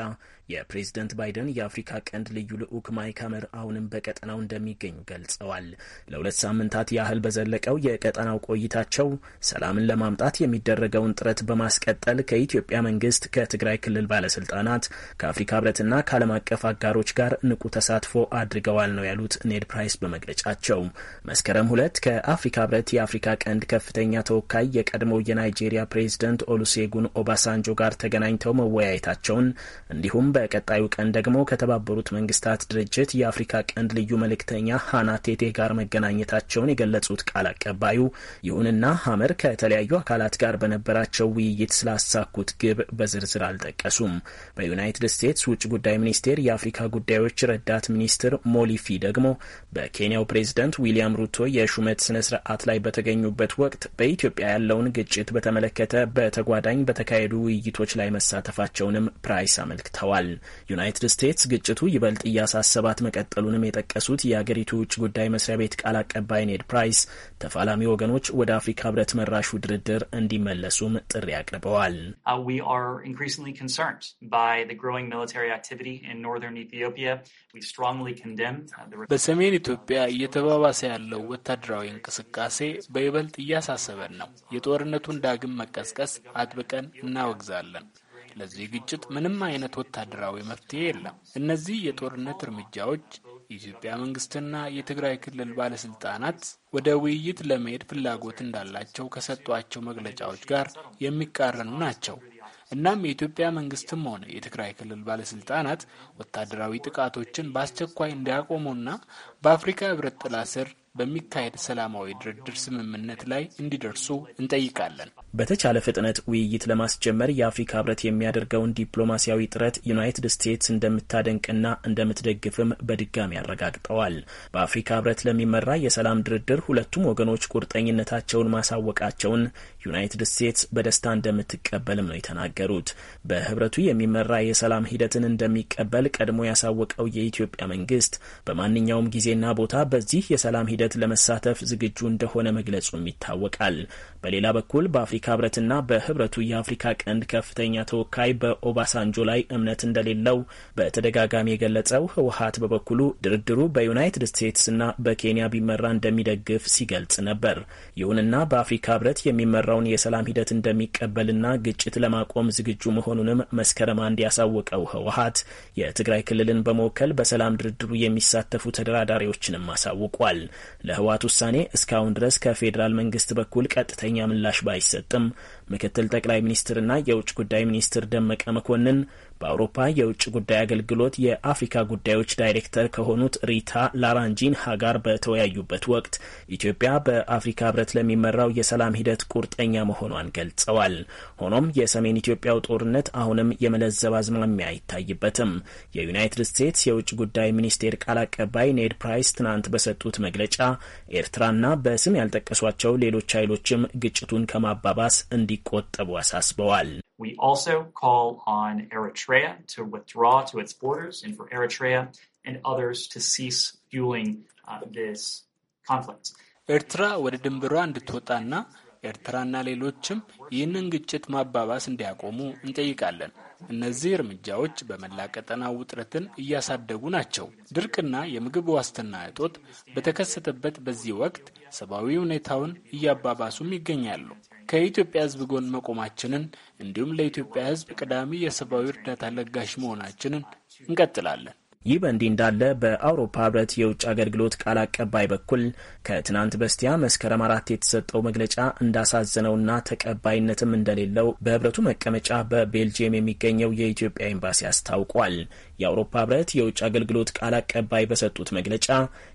የፕሬዝደንት ባይደን የአፍሪካ ቀንድ ልዩ ልዑክ ማይክ ሀመር አሁንም በቀጠናው እንደሚገኙ ገልጸዋል። ለሁለት ሳምንታት ያህል በዘለቀው የቀጠናው ቆይታቸው ሰላምን ለማምጣት የሚደረገውን ጥረት በማስቀጠል ከኢትዮጵያ መንግስት፣ ከትግራይ ክልል ባለስልጣናት፣ ከአፍሪካ ህብረትና ከዓለም አቀፍ አጋሮች ጋር ንቁ ተሳትፎ አድርገዋል ነው ያሉት ኔድ ፕራይስ በመግለጫቸው መስከረም ሁለት ከአፍሪካ ህብረት የአፍሪካ ቀንድ ከፍተኛ ተወ ተወካይ የቀድሞው የናይጄሪያ ፕሬዚደንት ኦሉሴጉን ኦባሳንጆ ጋር ተገናኝተው መወያየታቸውን እንዲሁም በቀጣዩ ቀን ደግሞ ከተባበሩት መንግስታት ድርጅት የአፍሪካ ቀንድ ልዩ መልእክተኛ ሃና ቴቴ ጋር መገናኘታቸውን የገለጹት ቃል አቀባዩ፣ ይሁንና ሀመር ከተለያዩ አካላት ጋር በነበራቸው ውይይት ስላሳኩት ግብ በዝርዝር አልጠቀሱም። በዩናይትድ ስቴትስ ውጭ ጉዳይ ሚኒስቴር የአፍሪካ ጉዳዮች ረዳት ሚኒስትር ሞሊፊ ደግሞ በኬንያው ፕሬዚደንት ዊሊያም ሩቶ የሹመት ስነ ስርዓት ላይ በተገኙበት ወቅት በኢትዮ በኢትዮጵያ ያለውን ግጭት በተመለከተ በተጓዳኝ በተካሄዱ ውይይቶች ላይ መሳተፋቸውንም ፕራይስ አመልክተዋል። ዩናይትድ ስቴትስ ግጭቱ ይበልጥ እያሳሰባት መቀጠሉንም የጠቀሱት የአገሪቱ ውጭ ጉዳይ መስሪያ ቤት ቃል አቀባይ ኔድ ፕራይስ ተፋላሚ ወገኖች ወደ አፍሪካ ህብረት መራሹ ድርድር እንዲመለሱም ጥሪ አቅርበዋል። uh, uh, በሰሜን ኢትዮጵያ እየተባባሰ ያለው ወታደራዊ እንቅስቃሴ በይበልጥ እያሳሰበን ነው። የጦርነቱን ዳግም መቀስቀስ አጥብቀን እናወግዛለን። ለዚህ ግጭት ምንም አይነት ወታደራዊ መፍትሄ የለም። እነዚህ የጦርነት እርምጃዎች የኢትዮጵያ መንግስትና የትግራይ ክልል ባለስልጣናት ወደ ውይይት ለመሄድ ፍላጎት እንዳላቸው ከሰጧቸው መግለጫዎች ጋር የሚቃረኑ ናቸው። እናም የኢትዮጵያ መንግስትም ሆነ የትግራይ ክልል ባለስልጣናት ወታደራዊ ጥቃቶችን በአስቸኳይ እንዲያቆሙና በአፍሪካ ህብረት ጥላ ስር በሚካሄድ ሰላማዊ ድርድር ስምምነት ላይ እንዲደርሱ እንጠይቃለን በተቻለ ፍጥነት ውይይት ለማስጀመር የአፍሪካ ህብረት የሚያደርገውን ዲፕሎማሲያዊ ጥረት ዩናይትድ ስቴትስ እንደምታደንቅና እንደምትደግፍም በድጋሚ አረጋግጠዋል። በአፍሪካ ህብረት ለሚመራ የሰላም ድርድር ሁለቱም ወገኖች ቁርጠኝነታቸውን ማሳወቃቸውን ዩናይትድ ስቴትስ በደስታ እንደምትቀበልም ነው የተናገሩት። በህብረቱ የሚመራ የሰላም ሂደትን እንደሚቀበል ቀድሞ ያሳወቀው የኢትዮጵያ መንግስት በማንኛውም ጊዜና ቦታ በዚህ የሰላም ሂደት ለመሳተፍ ዝግጁ እንደሆነ መግለጹም ይታወቃል። በሌላ በኩል በአፍሪካ ህብረትና በህብረቱ የአፍሪካ ቀንድ ከፍተኛ ተወካይ በኦባሳንጆ ላይ እምነት እንደሌለው በተደጋጋሚ የገለጸው ህወሀት በበኩሉ ድርድሩ በዩናይትድ ስቴትስና በኬንያ ቢመራ እንደሚደግፍ ሲገልጽ ነበር። ይሁንና በአፍሪካ ህብረት የሚመራውን የሰላም ሂደት እንደሚቀበልና ግጭት ለማቆም ዝግጁ መሆኑንም መስከረም አንድ ያሳወቀው ህወሀት የትግራይ ክልልን በመወከል በሰላም ድርድሩ የሚሳተፉ ተደራዳሪዎችንም አሳውቋል። ለህወሀት ውሳኔ እስካሁን ድረስ ከፌዴራል መንግስት በኩል ቀጥተኛ ትክክለኛ ምላሽ ባይሰጥም ምክትል ጠቅላይ ሚኒስትርና የውጭ ጉዳይ ሚኒስትር ደመቀ መኮንን በአውሮፓ የውጭ ጉዳይ አገልግሎት የአፍሪካ ጉዳዮች ዳይሬክተር ከሆኑት ሪታ ላራንጂንሃ ጋር በተወያዩበት ወቅት ኢትዮጵያ በአፍሪካ ሕብረት ለሚመራው የሰላም ሂደት ቁርጠኛ መሆኗን ገልጸዋል። ሆኖም የሰሜን ኢትዮጵያው ጦርነት አሁንም የመለዘብ አዝማሚያ አይታይበትም። የዩናይትድ ስቴትስ የውጭ ጉዳይ ሚኒስቴር ቃል አቀባይ ኔድ ፕራይስ ትናንት በሰጡት መግለጫ ኤርትራና በስም ያልጠቀሷቸው ሌሎች ኃይሎችም ግጭቱን ከማባባስ እንዲቆጠቡ አሳስበዋል። We also call on Eritrea to withdraw to its borders and for Eritrea and others to cease fueling uh, this conflict. ኤርትራ ወደ ድንበሯ እንድትወጣና ኤርትራና ሌሎችም ይህንን ግጭት ማባባስ እንዲያቆሙ እንጠይቃለን። እነዚህ እርምጃዎች በመላ ቀጠናው ውጥረትን እያሳደጉ ናቸው። ድርቅና የምግብ ዋስትና እጦት በተከሰተበት በዚህ ወቅት ሰብአዊ ሁኔታውን እያባባሱም ይገኛሉ። ከኢትዮጵያ ሕዝብ ጎን መቆማችንን እንዲሁም ለኢትዮጵያ ሕዝብ ቀዳሚ የሰብአዊ እርዳታ ለጋሽ መሆናችንን እንቀጥላለን። ይህ በእንዲህ እንዳለ በአውሮፓ ህብረት የውጭ አገልግሎት ቃል አቀባይ በኩል ከትናንት በስቲያ መስከረም አራት የተሰጠው መግለጫ እንዳሳዘነውና ተቀባይነትም እንደሌለው በህብረቱ መቀመጫ በቤልጅየም የሚገኘው የኢትዮጵያ ኤምባሲ አስታውቋል። የአውሮፓ ህብረት የውጭ አገልግሎት ቃል አቀባይ በሰጡት መግለጫ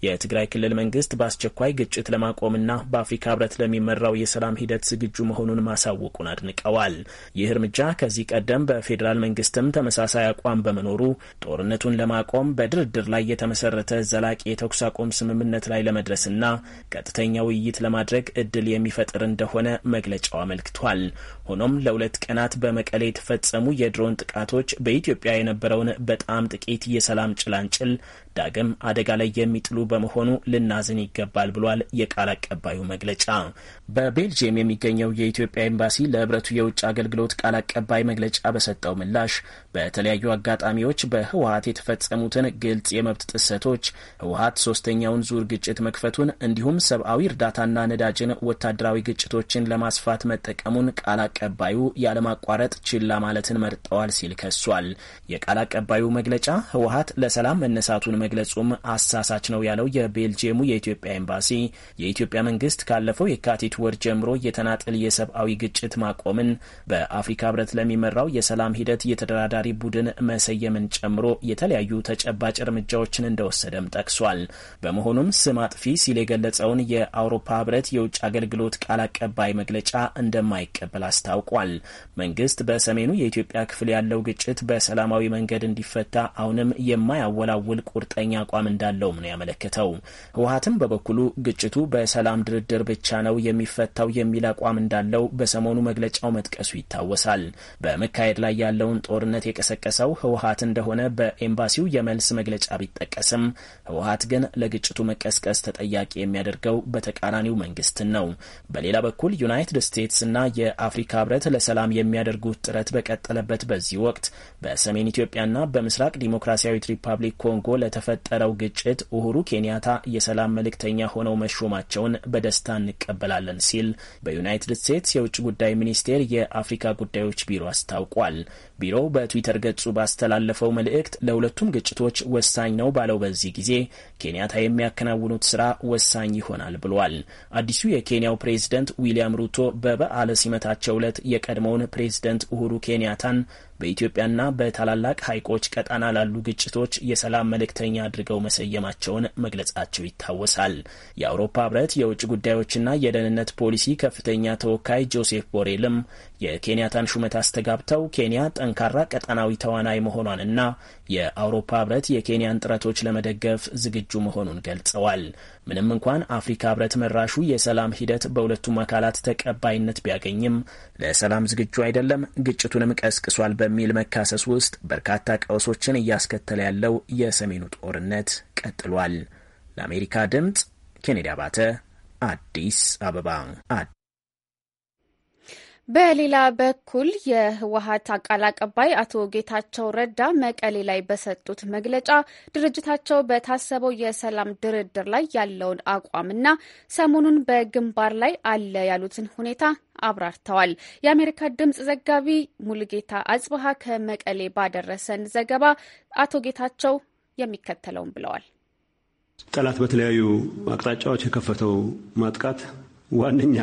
የትግራይ ክልል መንግስት በአስቸኳይ ግጭት ለማቆምና በአፍሪካ ህብረት ለሚመራው የሰላም ሂደት ዝግጁ መሆኑን ማሳወቁን አድንቀዋል። ይህ እርምጃ ከዚህ ቀደም በፌዴራል መንግስትም ተመሳሳይ አቋም በመኖሩ ጦርነቱን ለማቆም በድርድር ላይ የተመሰረተ ዘላቂ የተኩስ አቁም ስምምነት ላይ ለመድረስና ቀጥተኛ ውይይት ለማድረግ እድል የሚፈጥር እንደሆነ መግለጫው አመልክቷል። ሆኖም ለሁለት ቀናት በመቀሌ የተፈጸሙ የድሮን ጥቃቶች በኢትዮጵያ የነበረውን በጣም ጥቂት የሰላም ጭላንጭል ዳግም አደጋ ላይ የሚጥሉ በመሆኑ ልናዝን ይገባል ብሏል የቃል አቀባዩ መግለጫ። በቤልጅየም የሚገኘው የኢትዮጵያ ኤምባሲ ለህብረቱ የውጭ አገልግሎት ቃል አቀባይ መግለጫ በሰጠው ምላሽ በተለያዩ አጋጣሚዎች በህወሀት የተፈጸሙትን ግልጽ የመብት ጥሰቶች ህወሀት ሶስተኛውን ዙር ግጭት መክፈቱን እንዲሁም ሰብአዊ እርዳታና ነዳጅን፣ ወታደራዊ ግጭቶችን ለማስፋት መጠቀሙን ቃል አቀባዩ ያለማቋረጥ ችላ ማለትን መርጠዋል ሲል ከሷል። የቃል አቀባዩ መግለጫ ህወሀት ለሰላም መነሳቱን መግለጹም አሳሳች ነው ያለው የቤልጅየሙ የኢትዮጵያ ኤምባሲ የኢትዮጵያ መንግስት ካለፈው የካቲት ወር ጀምሮ የተናጠል የሰብአዊ ግጭት ማቆምን በአፍሪካ ህብረት ለሚመራው የሰላም ሂደት የተደራዳሪ ቡድን መሰየምን ጨምሮ የተለያዩ ተጨባጭ እርምጃዎችን እንደወሰደም ጠቅሷል። በመሆኑም ስም አጥፊ ሲል የገለጸውን የአውሮፓ ህብረት የውጭ አገልግሎት ቃል አቀባይ መግለጫ እንደማይቀበል አስታውቋል። መንግስት በሰሜኑ የኢትዮጵያ ክፍል ያለው ግጭት በሰላማዊ መንገድ እንዲፈታ አሁንም የማያወላውል ቁርጥ ቁርጠኛ አቋም እንዳለውም ነው ያመለከተው። ህወሀትም በበኩሉ ግጭቱ በሰላም ድርድር ብቻ ነው የሚፈታው የሚል አቋም እንዳለው በሰሞኑ መግለጫው መጥቀሱ ይታወሳል። በመካሄድ ላይ ያለውን ጦርነት የቀሰቀሰው ህወሀት እንደሆነ በኤምባሲው የመልስ መግለጫ ቢጠቀስም ህወሀት ግን ለግጭቱ መቀስቀስ ተጠያቂ የሚያደርገው በተቃራኒው መንግስትን ነው። በሌላ በኩል ዩናይትድ ስቴትስ እና የአፍሪካ ህብረት ለሰላም የሚያደርጉት ጥረት በቀጠለበት በዚህ ወቅት በሰሜን ኢትዮጵያና በምስራቅ ዲሞክራሲያዊት ሪፐብሊክ ኮንጎ ለተፈ ለተፈጠረው ግጭት ኡሁሩ ኬንያታ የሰላም መልእክተኛ ሆነው መሾማቸውን በደስታ እንቀበላለን ሲል በዩናይትድ ስቴትስ የውጭ ጉዳይ ሚኒስቴር የአፍሪካ ጉዳዮች ቢሮ አስታውቋል። ቢሮው በትዊተር ገጹ ባስተላለፈው መልእክት ለሁለቱም ግጭቶች ወሳኝ ነው ባለው በዚህ ጊዜ ኬንያታ የሚያከናውኑት ስራ ወሳኝ ይሆናል ብሏል። አዲሱ የኬንያው ፕሬዝደንት ዊሊያም ሩቶ በበዓለ ሲመታቸው ዕለት የቀድሞውን ፕሬዝደንት ኡሁሩ ኬንያታን በኢትዮጵያና በታላላቅ ሐይቆች ቀጣና ላሉ ግጭቶች የሰላም መልእክተኛ አድርገው መሰየማቸውን መግለጻቸው ይታወሳል። የአውሮፓ ህብረት የውጭ ጉዳዮችና የደህንነት ፖሊሲ ከፍተኛ ተወካይ ጆሴፍ ቦሬልም የኬንያታን ሹመት አስተጋብተው ኬንያ ጠንካራ ቀጠናዊ ተዋናይ መሆኗን እና የአውሮፓ ህብረት የኬንያን ጥረቶች ለመደገፍ ዝግጁ መሆኑን ገልጸዋል። ምንም እንኳን አፍሪካ ህብረት መራሹ የሰላም ሂደት በሁለቱም አካላት ተቀባይነት ቢያገኝም ለሰላም ዝግጁ አይደለም፣ ግጭቱንም ቀስቅሷል በሚል መካሰስ ውስጥ በርካታ ቀውሶችን እያስከተለ ያለው የሰሜኑ ጦርነት ቀጥሏል። ለአሜሪካ ድምፅ ኬኔዲ አባተ አዲስ አበባ በሌላ በኩል የህወሀት ቃል አቀባይ አቶ ጌታቸው ረዳ መቀሌ ላይ በሰጡት መግለጫ ድርጅታቸው በታሰበው የሰላም ድርድር ላይ ያለውን አቋምና ሰሞኑን በግንባር ላይ አለ ያሉትን ሁኔታ አብራርተዋል። የአሜሪካ ድምጽ ዘጋቢ ሙልጌታ አጽብሃ ከመቀሌ ባደረሰን ዘገባ አቶ ጌታቸው የሚከተለውን ብለዋል። ጠላት በተለያዩ አቅጣጫዎች የከፈተው ማጥቃት ዋነኛ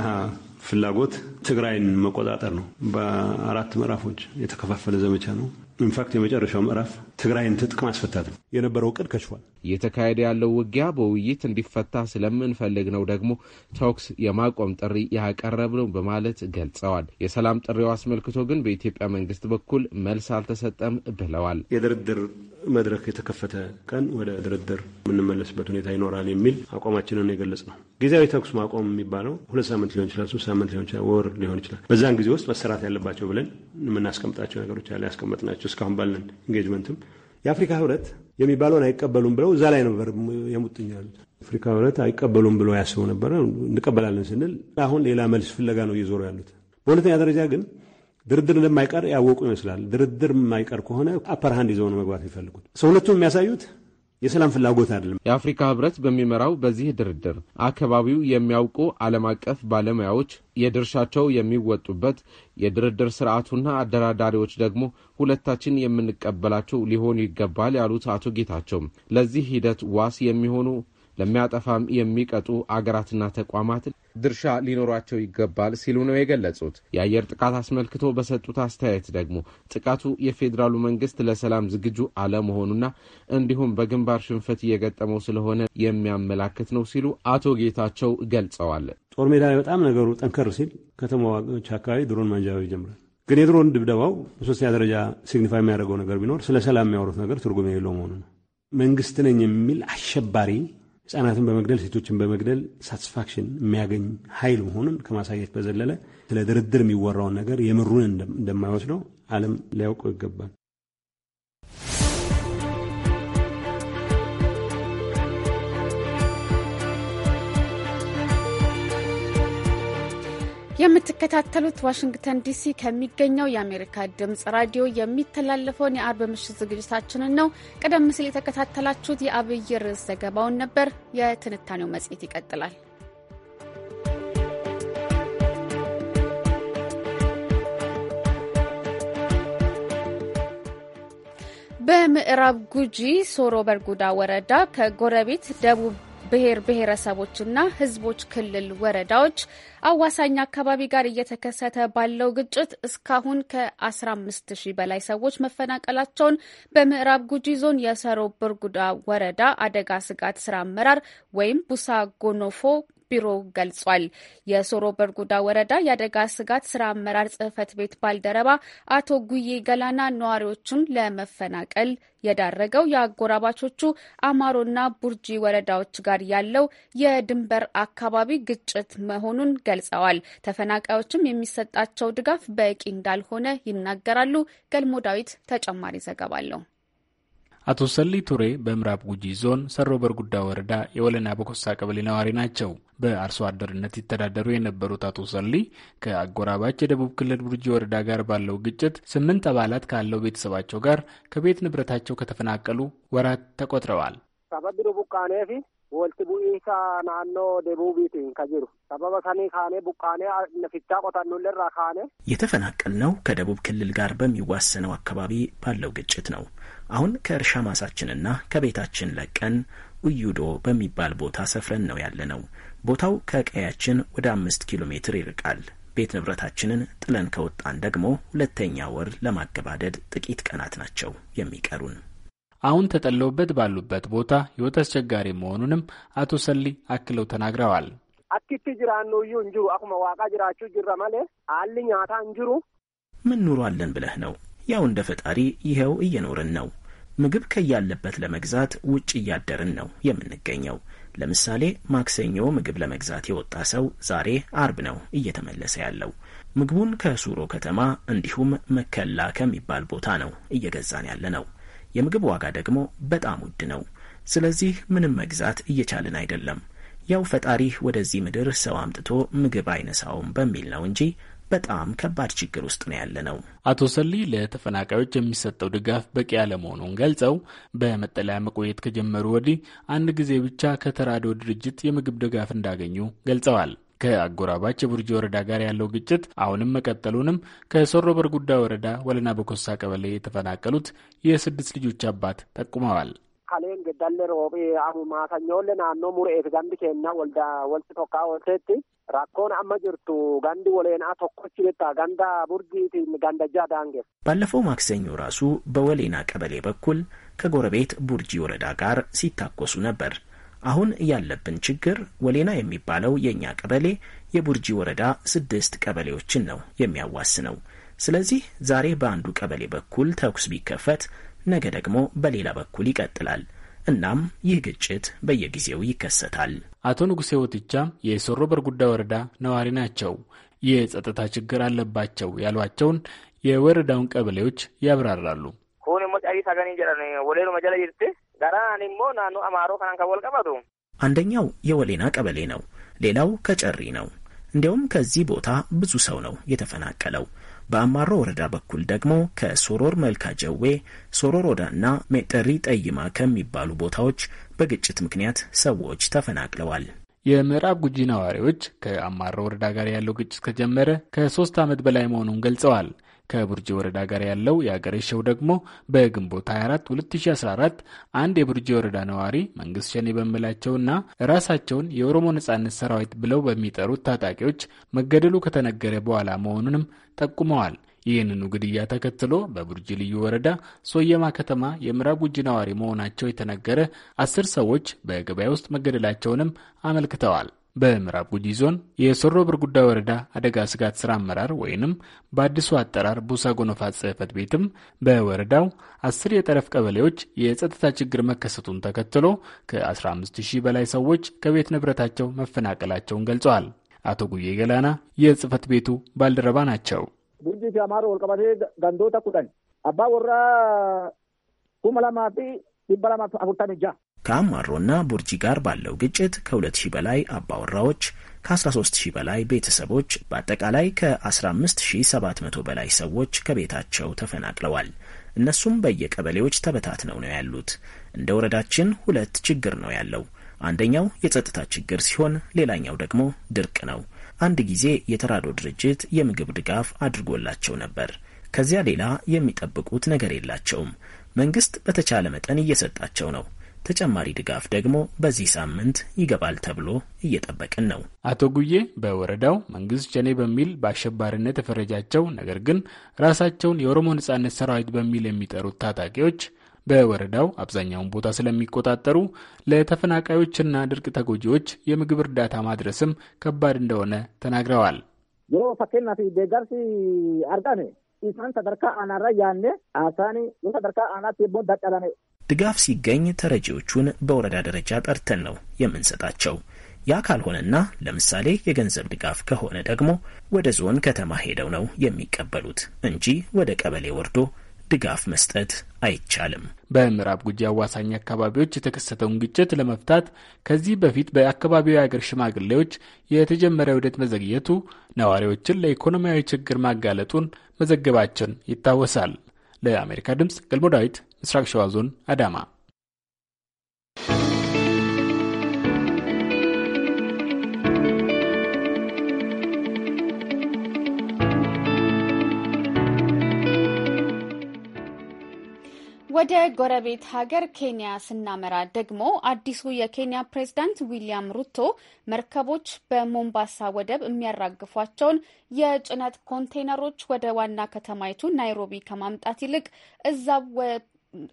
ፍላጎት ትግራይን መቆጣጠር ነው። በአራት ምዕራፎች የተከፋፈለ ዘመቻ ነው። ኢንፋክት የመጨረሻው ምዕራፍ ትግራይን ትጥቅ ማስፈታት ነው የነበረው እቅድ ከሽፏል። እየተካሄደ ያለው ውጊያ በውይይት እንዲፈታ ስለምንፈልግ ነው ደግሞ ተኩስ የማቆም ጥሪ ነው በማለት ገልጸዋል። የሰላም ጥሪው አስመልክቶ ግን በኢትዮጵያ መንግስት በኩል መልስ አልተሰጠም ብለዋል። የድርድር መድረክ የተከፈተ ቀን ወደ ድርድር የምንመለስበት ሁኔታ ይኖራል የሚል አቋማችንን የገለጽ ነው። ጊዜያዊ ተኩስ ማቆም የሚባለው ሁለት ሳምንት ሊሆን ይችላል፣ ሶስት ሳምንት ሊሆን ይችላል፣ ወር ሊሆን ይችላል። በዛን ጊዜ ውስጥ መሰራት ያለባቸው ብለን የምናስቀምጣቸው ነገሮች ያለ ያስቀመጥናቸው ናቸው እስካሁን ባለን ኢንጌጅመንትም የአፍሪካ ህብረት የሚባለውን አይቀበሉም ብለው እዛ ላይ ነበር የሙጥኝ አፍሪካ ህብረት አይቀበሉም ብለው ያስቡ ነበረ። እንቀበላለን ስንል አሁን ሌላ መልስ ፍለጋ ነው እየዞሩ ያሉት። በሁለተኛ ደረጃ ግን ድርድር እንደማይቀር ያወቁ ይመስላል። ድርድር የማይቀር ከሆነ አፐርሃንድ ይዘው ነው መግባት የሚፈልጉት ሰውነቱን የሚያሳዩት የሰላም ፍላጎት አይደለም። የአፍሪካ ህብረት በሚመራው በዚህ ድርድር አካባቢው የሚያውቁ ዓለም አቀፍ ባለሙያዎች የድርሻቸው የሚወጡበት የድርድር ስርዓቱና አደራዳሪዎች ደግሞ ሁለታችን የምንቀበላቸው ሊሆኑ ይገባል ያሉት አቶ ጌታቸው ለዚህ ሂደት ዋስ የሚሆኑ ለሚያጠፋም የሚቀጡ አገራትና ተቋማት ድርሻ ሊኖሯቸው ይገባል ሲሉ ነው የገለጹት። የአየር ጥቃት አስመልክቶ በሰጡት አስተያየት ደግሞ ጥቃቱ የፌዴራሉ መንግስት ለሰላም ዝግጁ አለመሆኑና እንዲሁም በግንባር ሽንፈት እየገጠመው ስለሆነ የሚያመላክት ነው ሲሉ አቶ ጌታቸው ገልጸዋል። ጦር ሜዳ ላይ በጣም ነገሩ ጠንከር ሲል ከተማዎች አካባቢ ድሮን ማንዣበብ ይጀምራል። ግን የድሮን ድብደባው በሶስተኛ ደረጃ ሲግኒፋይ የሚያደርገው ነገር ቢኖር ስለ ሰላም የሚያወሩት ነገር ትርጉም የሌለው መሆኑ ነው። መንግስት ነኝ የሚል አሸባሪ ህጻናትን በመግደል ሴቶችን በመግደል ሳትስፋክሽን የሚያገኝ ኃይል መሆኑን ከማሳየት በዘለለ ስለ ድርድር የሚወራውን ነገር የምሩን እንደማይወስደው ዓለም ሊያውቀው ይገባል። የምትከታተሉት ዋሽንግተን ዲሲ ከሚገኘው የአሜሪካ ድምጽ ራዲዮ የሚተላለፈውን የአርብ ምሽት ዝግጅታችንን ነው። ቀደም ሲል የተከታተላችሁት የአብይ ርዕስ ዘገባውን ነበር። የትንታኔው መጽሔት ይቀጥላል። በምዕራብ ጉጂ ሶሮ በርጉዳ ወረዳ ከጎረቤት ደቡብ ብሔር ብሔረሰቦችና ህዝቦች ክልል ወረዳዎች አዋሳኝ አካባቢ ጋር እየተከሰተ ባለው ግጭት እስካሁን ከ15 ሺህ በላይ ሰዎች መፈናቀላቸውን በምዕራብ ጉጂ ዞን የሰሮ ብርጉዳ ወረዳ አደጋ ስጋት ስራ አመራር ወይም ቡሳ ጎኖፎ ቢሮ ገልጿል። የሶሮ በርጉዳ ወረዳ የአደጋ ስጋት ስራ አመራር ጽህፈት ቤት ባልደረባ አቶ ጉዬ ገላና ነዋሪዎቹን ለመፈናቀል የዳረገው የአጎራባቾቹ አማሮና ቡርጂ ወረዳዎች ጋር ያለው የድንበር አካባቢ ግጭት መሆኑን ገልጸዋል። ተፈናቃዮችም የሚሰጣቸው ድጋፍ በቂ እንዳልሆነ ይናገራሉ። ገልሞ ዳዊት ተጨማሪ ዘገባ አለው። አቶ ሰሊ ቱሬ በምዕራብ ጉጂ ዞን ሰሮ በርጉዳ ወረዳ የወለና በኮሳ ቀበሌ ነዋሪ ናቸው። በአርሶ አደርነት ይተዳደሩ የነበሩት አቶ ሰሊ ከአጎራባች የደቡብ ክልል ቡርጂ ወረዳ ጋር ባለው ግጭት ስምንት አባላት ካለው ቤተሰባቸው ጋር ከቤት ንብረታቸው ከተፈናቀሉ ወራት ተቆጥረዋል። የተፈናቀልነው ከደቡብ ክልል ጋር በሚዋሰነው አካባቢ ባለው ግጭት ነው። አሁን ከእርሻ ማሳችንና ከቤታችን ለቀን ኡዩዶ በሚባል ቦታ ሰፍረን ነው ያለነው። ቦታው ከቀያችን ወደ አምስት ኪሎ ሜትር ይርቃል። ቤት ንብረታችንን ጥለን ከወጣን ደግሞ ሁለተኛ ወር ለማገባደድ ጥቂት ቀናት ናቸው የሚቀሩን። አሁን ተጠለውበት ባሉበት ቦታ ህይወት አስቸጋሪ መሆኑንም አቶ ሰሊ አክለው ተናግረዋል። አኪቲ ጅራኑ እዩ እንጂ አኩመ ዋቃ ጅራችሁ ጅራ ማለ አልኝ እንጅሩ ምን ኑሯለን ብለህ ነው? ያው እንደ ፈጣሪ ይኸው እየኖርን ነው። ምግብ ከያለበት ለመግዛት ውጭ እያደርን ነው የምንገኘው። ለምሳሌ ማክሰኞ ምግብ ለመግዛት የወጣ ሰው ዛሬ አርብ ነው እየተመለሰ ያለው። ምግቡን ከሱሮ ከተማ እንዲሁም መከላ ከሚባል ቦታ ነው እየገዛን ያለ ነው። የምግብ ዋጋ ደግሞ በጣም ውድ ነው። ስለዚህ ምንም መግዛት እየቻልን አይደለም። ያው ፈጣሪህ ወደዚህ ምድር ሰው አምጥቶ ምግብ አይነሳውም በሚል ነው እንጂ በጣም ከባድ ችግር ውስጥ ነው ያለ ነው። አቶ ሰሊ ለተፈናቃዮች የሚሰጠው ድጋፍ በቂ ያለመሆኑን ገልጸው በመጠለያ መቆየት ከጀመሩ ወዲህ አንድ ጊዜ ብቻ ከተራድኦ ድርጅት የምግብ ድጋፍ እንዳገኙ ገልጸዋል። ከአጎራባች የቡርጂ ወረዳ ጋር ያለው ግጭት አሁንም መቀጠሉንም ከሶሮ በርጉዳ ወረዳ ወለና በኮሳ ቀበሌ የተፈናቀሉት የስድስት ልጆች አባት ጠቁመዋል። ካሌን ገዳለ ሮቢ አሁ ማሳኛውን ለናኖ ሙርኤት ጋንድ ኬና ወልዳ ወልስ ቶካ rakkoon amma jirtu gandi ወሌና tokkochi በጣ ጋንዳ ቡርጊቲን ጋንዳጃ ዳንጌፍ ባለፈው ማክሰኞ ራሱ በወሌና ቀበሌ በኩል ከጎረቤት ቡርጂ ወረዳ ጋር ሲታኮሱ ነበር። አሁን ያለብን ችግር ወሌና የሚባለው የእኛ ቀበሌ የቡርጂ ወረዳ ስድስት ቀበሌዎችን ነው የሚያዋስነው። ስለዚህ ዛሬ በአንዱ ቀበሌ በኩል ተኩስ ቢከፈት ነገ ደግሞ በሌላ በኩል ይቀጥላል። እናም ይህ ግጭት በየጊዜው ይከሰታል። አቶ ንጉሴ ወትቻ የሶሮ በርጉዳ ወረዳ ነዋሪ ናቸው። የጸጥታ ችግር አለባቸው ያሏቸውን የወረዳውን ቀበሌዎች ያብራራሉ። አንደኛው የወሌና ቀበሌ ነው። ሌላው ከጨሪ ነው። እንዲያውም ከዚህ ቦታ ብዙ ሰው ነው የተፈናቀለው። በአማሮ ወረዳ በኩል ደግሞ ከሶሮር መልካ ጀዌ፣ ሶሮር ወዳና ሜጠሪ ጠይማ ከሚባሉ ቦታዎች በግጭት ምክንያት ሰዎች ተፈናቅለዋል። የምዕራብ ጉጂ ነዋሪዎች ከአማሮ ወረዳ ጋር ያለው ግጭት ከጀመረ ከሶስት ዓመት በላይ መሆኑን ገልጸዋል። ከቡርጂ ወረዳ ጋር ያለው የአገሬሸው ደግሞ በግንቦት 24 2014 አንድ የቡርጂ ወረዳ ነዋሪ መንግስት ሸኔ በሚላቸውና ራሳቸውን የኦሮሞ ነጻነት ሰራዊት ብለው በሚጠሩት ታጣቂዎች መገደሉ ከተነገረ በኋላ መሆኑንም ጠቁመዋል። ይህንኑ ግድያ ተከትሎ በቡርጂ ልዩ ወረዳ ሶየማ ከተማ የምዕራብ ጉጂ ነዋሪ መሆናቸው የተነገረ አስር ሰዎች በገበያ ውስጥ መገደላቸውንም አመልክተዋል። በምዕራብ ጉጂ ዞን የሶሮ ብርጉዳ ወረዳ አደጋ ስጋት ስራ አመራር ወይንም በአዲሱ አጠራር ቡሳ ጎኖፋት ጽህፈት ቤትም በወረዳው አስር የጠረፍ ቀበሌዎች የጸጥታ ችግር መከሰቱን ተከትሎ ከ15 ሺህ በላይ ሰዎች ከቤት ንብረታቸው መፈናቀላቸውን ገልጸዋል። አቶ ጉዬ ገላና የጽህፈት ቤቱ ባልደረባ ናቸው። ጉጂ ፊያማሮ ወልቀበቴ ገንዶታ ኩዳኝ አባ ወራ ኩመላማፊ ሲበላማ አፉርታሚጃ ከአማሮና ቡርጂ ጋር ባለው ግጭት ከ2000 በላይ አባወራዎች ከ13000 በላይ ቤተሰቦች በአጠቃላይ ከ15700 በላይ ሰዎች ከቤታቸው ተፈናቅለዋል። እነሱም በየቀበሌዎች ተበታትነው ነው ያሉት። እንደ ወረዳችን ሁለት ችግር ነው ያለው። አንደኛው የጸጥታ ችግር ሲሆን፣ ሌላኛው ደግሞ ድርቅ ነው። አንድ ጊዜ የተራድኦ ድርጅት የምግብ ድጋፍ አድርጎላቸው ነበር። ከዚያ ሌላ የሚጠብቁት ነገር የላቸውም። መንግስት በተቻለ መጠን እየሰጣቸው ነው። ተጨማሪ ድጋፍ ደግሞ በዚህ ሳምንት ይገባል ተብሎ እየጠበቅን ነው። አቶ ጉዬ በወረዳው መንግስት ሸኔ በሚል በአሸባሪነት የፈረጃቸው ነገር ግን ራሳቸውን የኦሮሞ ነጻነት ሰራዊት በሚል የሚጠሩት ታጣቂዎች በወረዳው አብዛኛውን ቦታ ስለሚቆጣጠሩ ለተፈናቃዮችና ድርቅ ተጎጂዎች የምግብ እርዳታ ማድረስም ከባድ እንደሆነ ተናግረዋል። ፈኬና ደጋርሲ አርጋኔ ኢሳን ተደርካ አናራ ያኔ አሳኒ ተደርካ አናት ቦን ዳቀላኔ ድጋፍ ሲገኝ ተረጂዎቹን በወረዳ ደረጃ ጠርተን ነው የምንሰጣቸው። ያ ካልሆነና ለምሳሌ የገንዘብ ድጋፍ ከሆነ ደግሞ ወደ ዞን ከተማ ሄደው ነው የሚቀበሉት እንጂ ወደ ቀበሌ ወርዶ ድጋፍ መስጠት አይቻልም። በምዕራብ ጉጂ አዋሳኝ አካባቢዎች የተከሰተውን ግጭት ለመፍታት ከዚህ በፊት በአካባቢው የአገር ሽማግሌዎች የተጀመረ ውደት መዘግየቱ ነዋሪዎችን ለኢኮኖሚያዊ ችግር ማጋለጡን መዘገባችን ይታወሳል። ለአሜሪካ ድምፅ ገልሞ ዳዊት ምስራቅ ሸዋ ዞን አዳማ ወደ ጎረቤት ሀገር ኬንያ ስናመራ ደግሞ አዲሱ የኬንያ ፕሬዝዳንት ዊሊያም ሩቶ መርከቦች በሞምባሳ ወደብ የሚያራግፏቸውን የጭነት ኮንቴነሮች ወደ ዋና ከተማይቱ ናይሮቢ ከማምጣት ይልቅ እዛ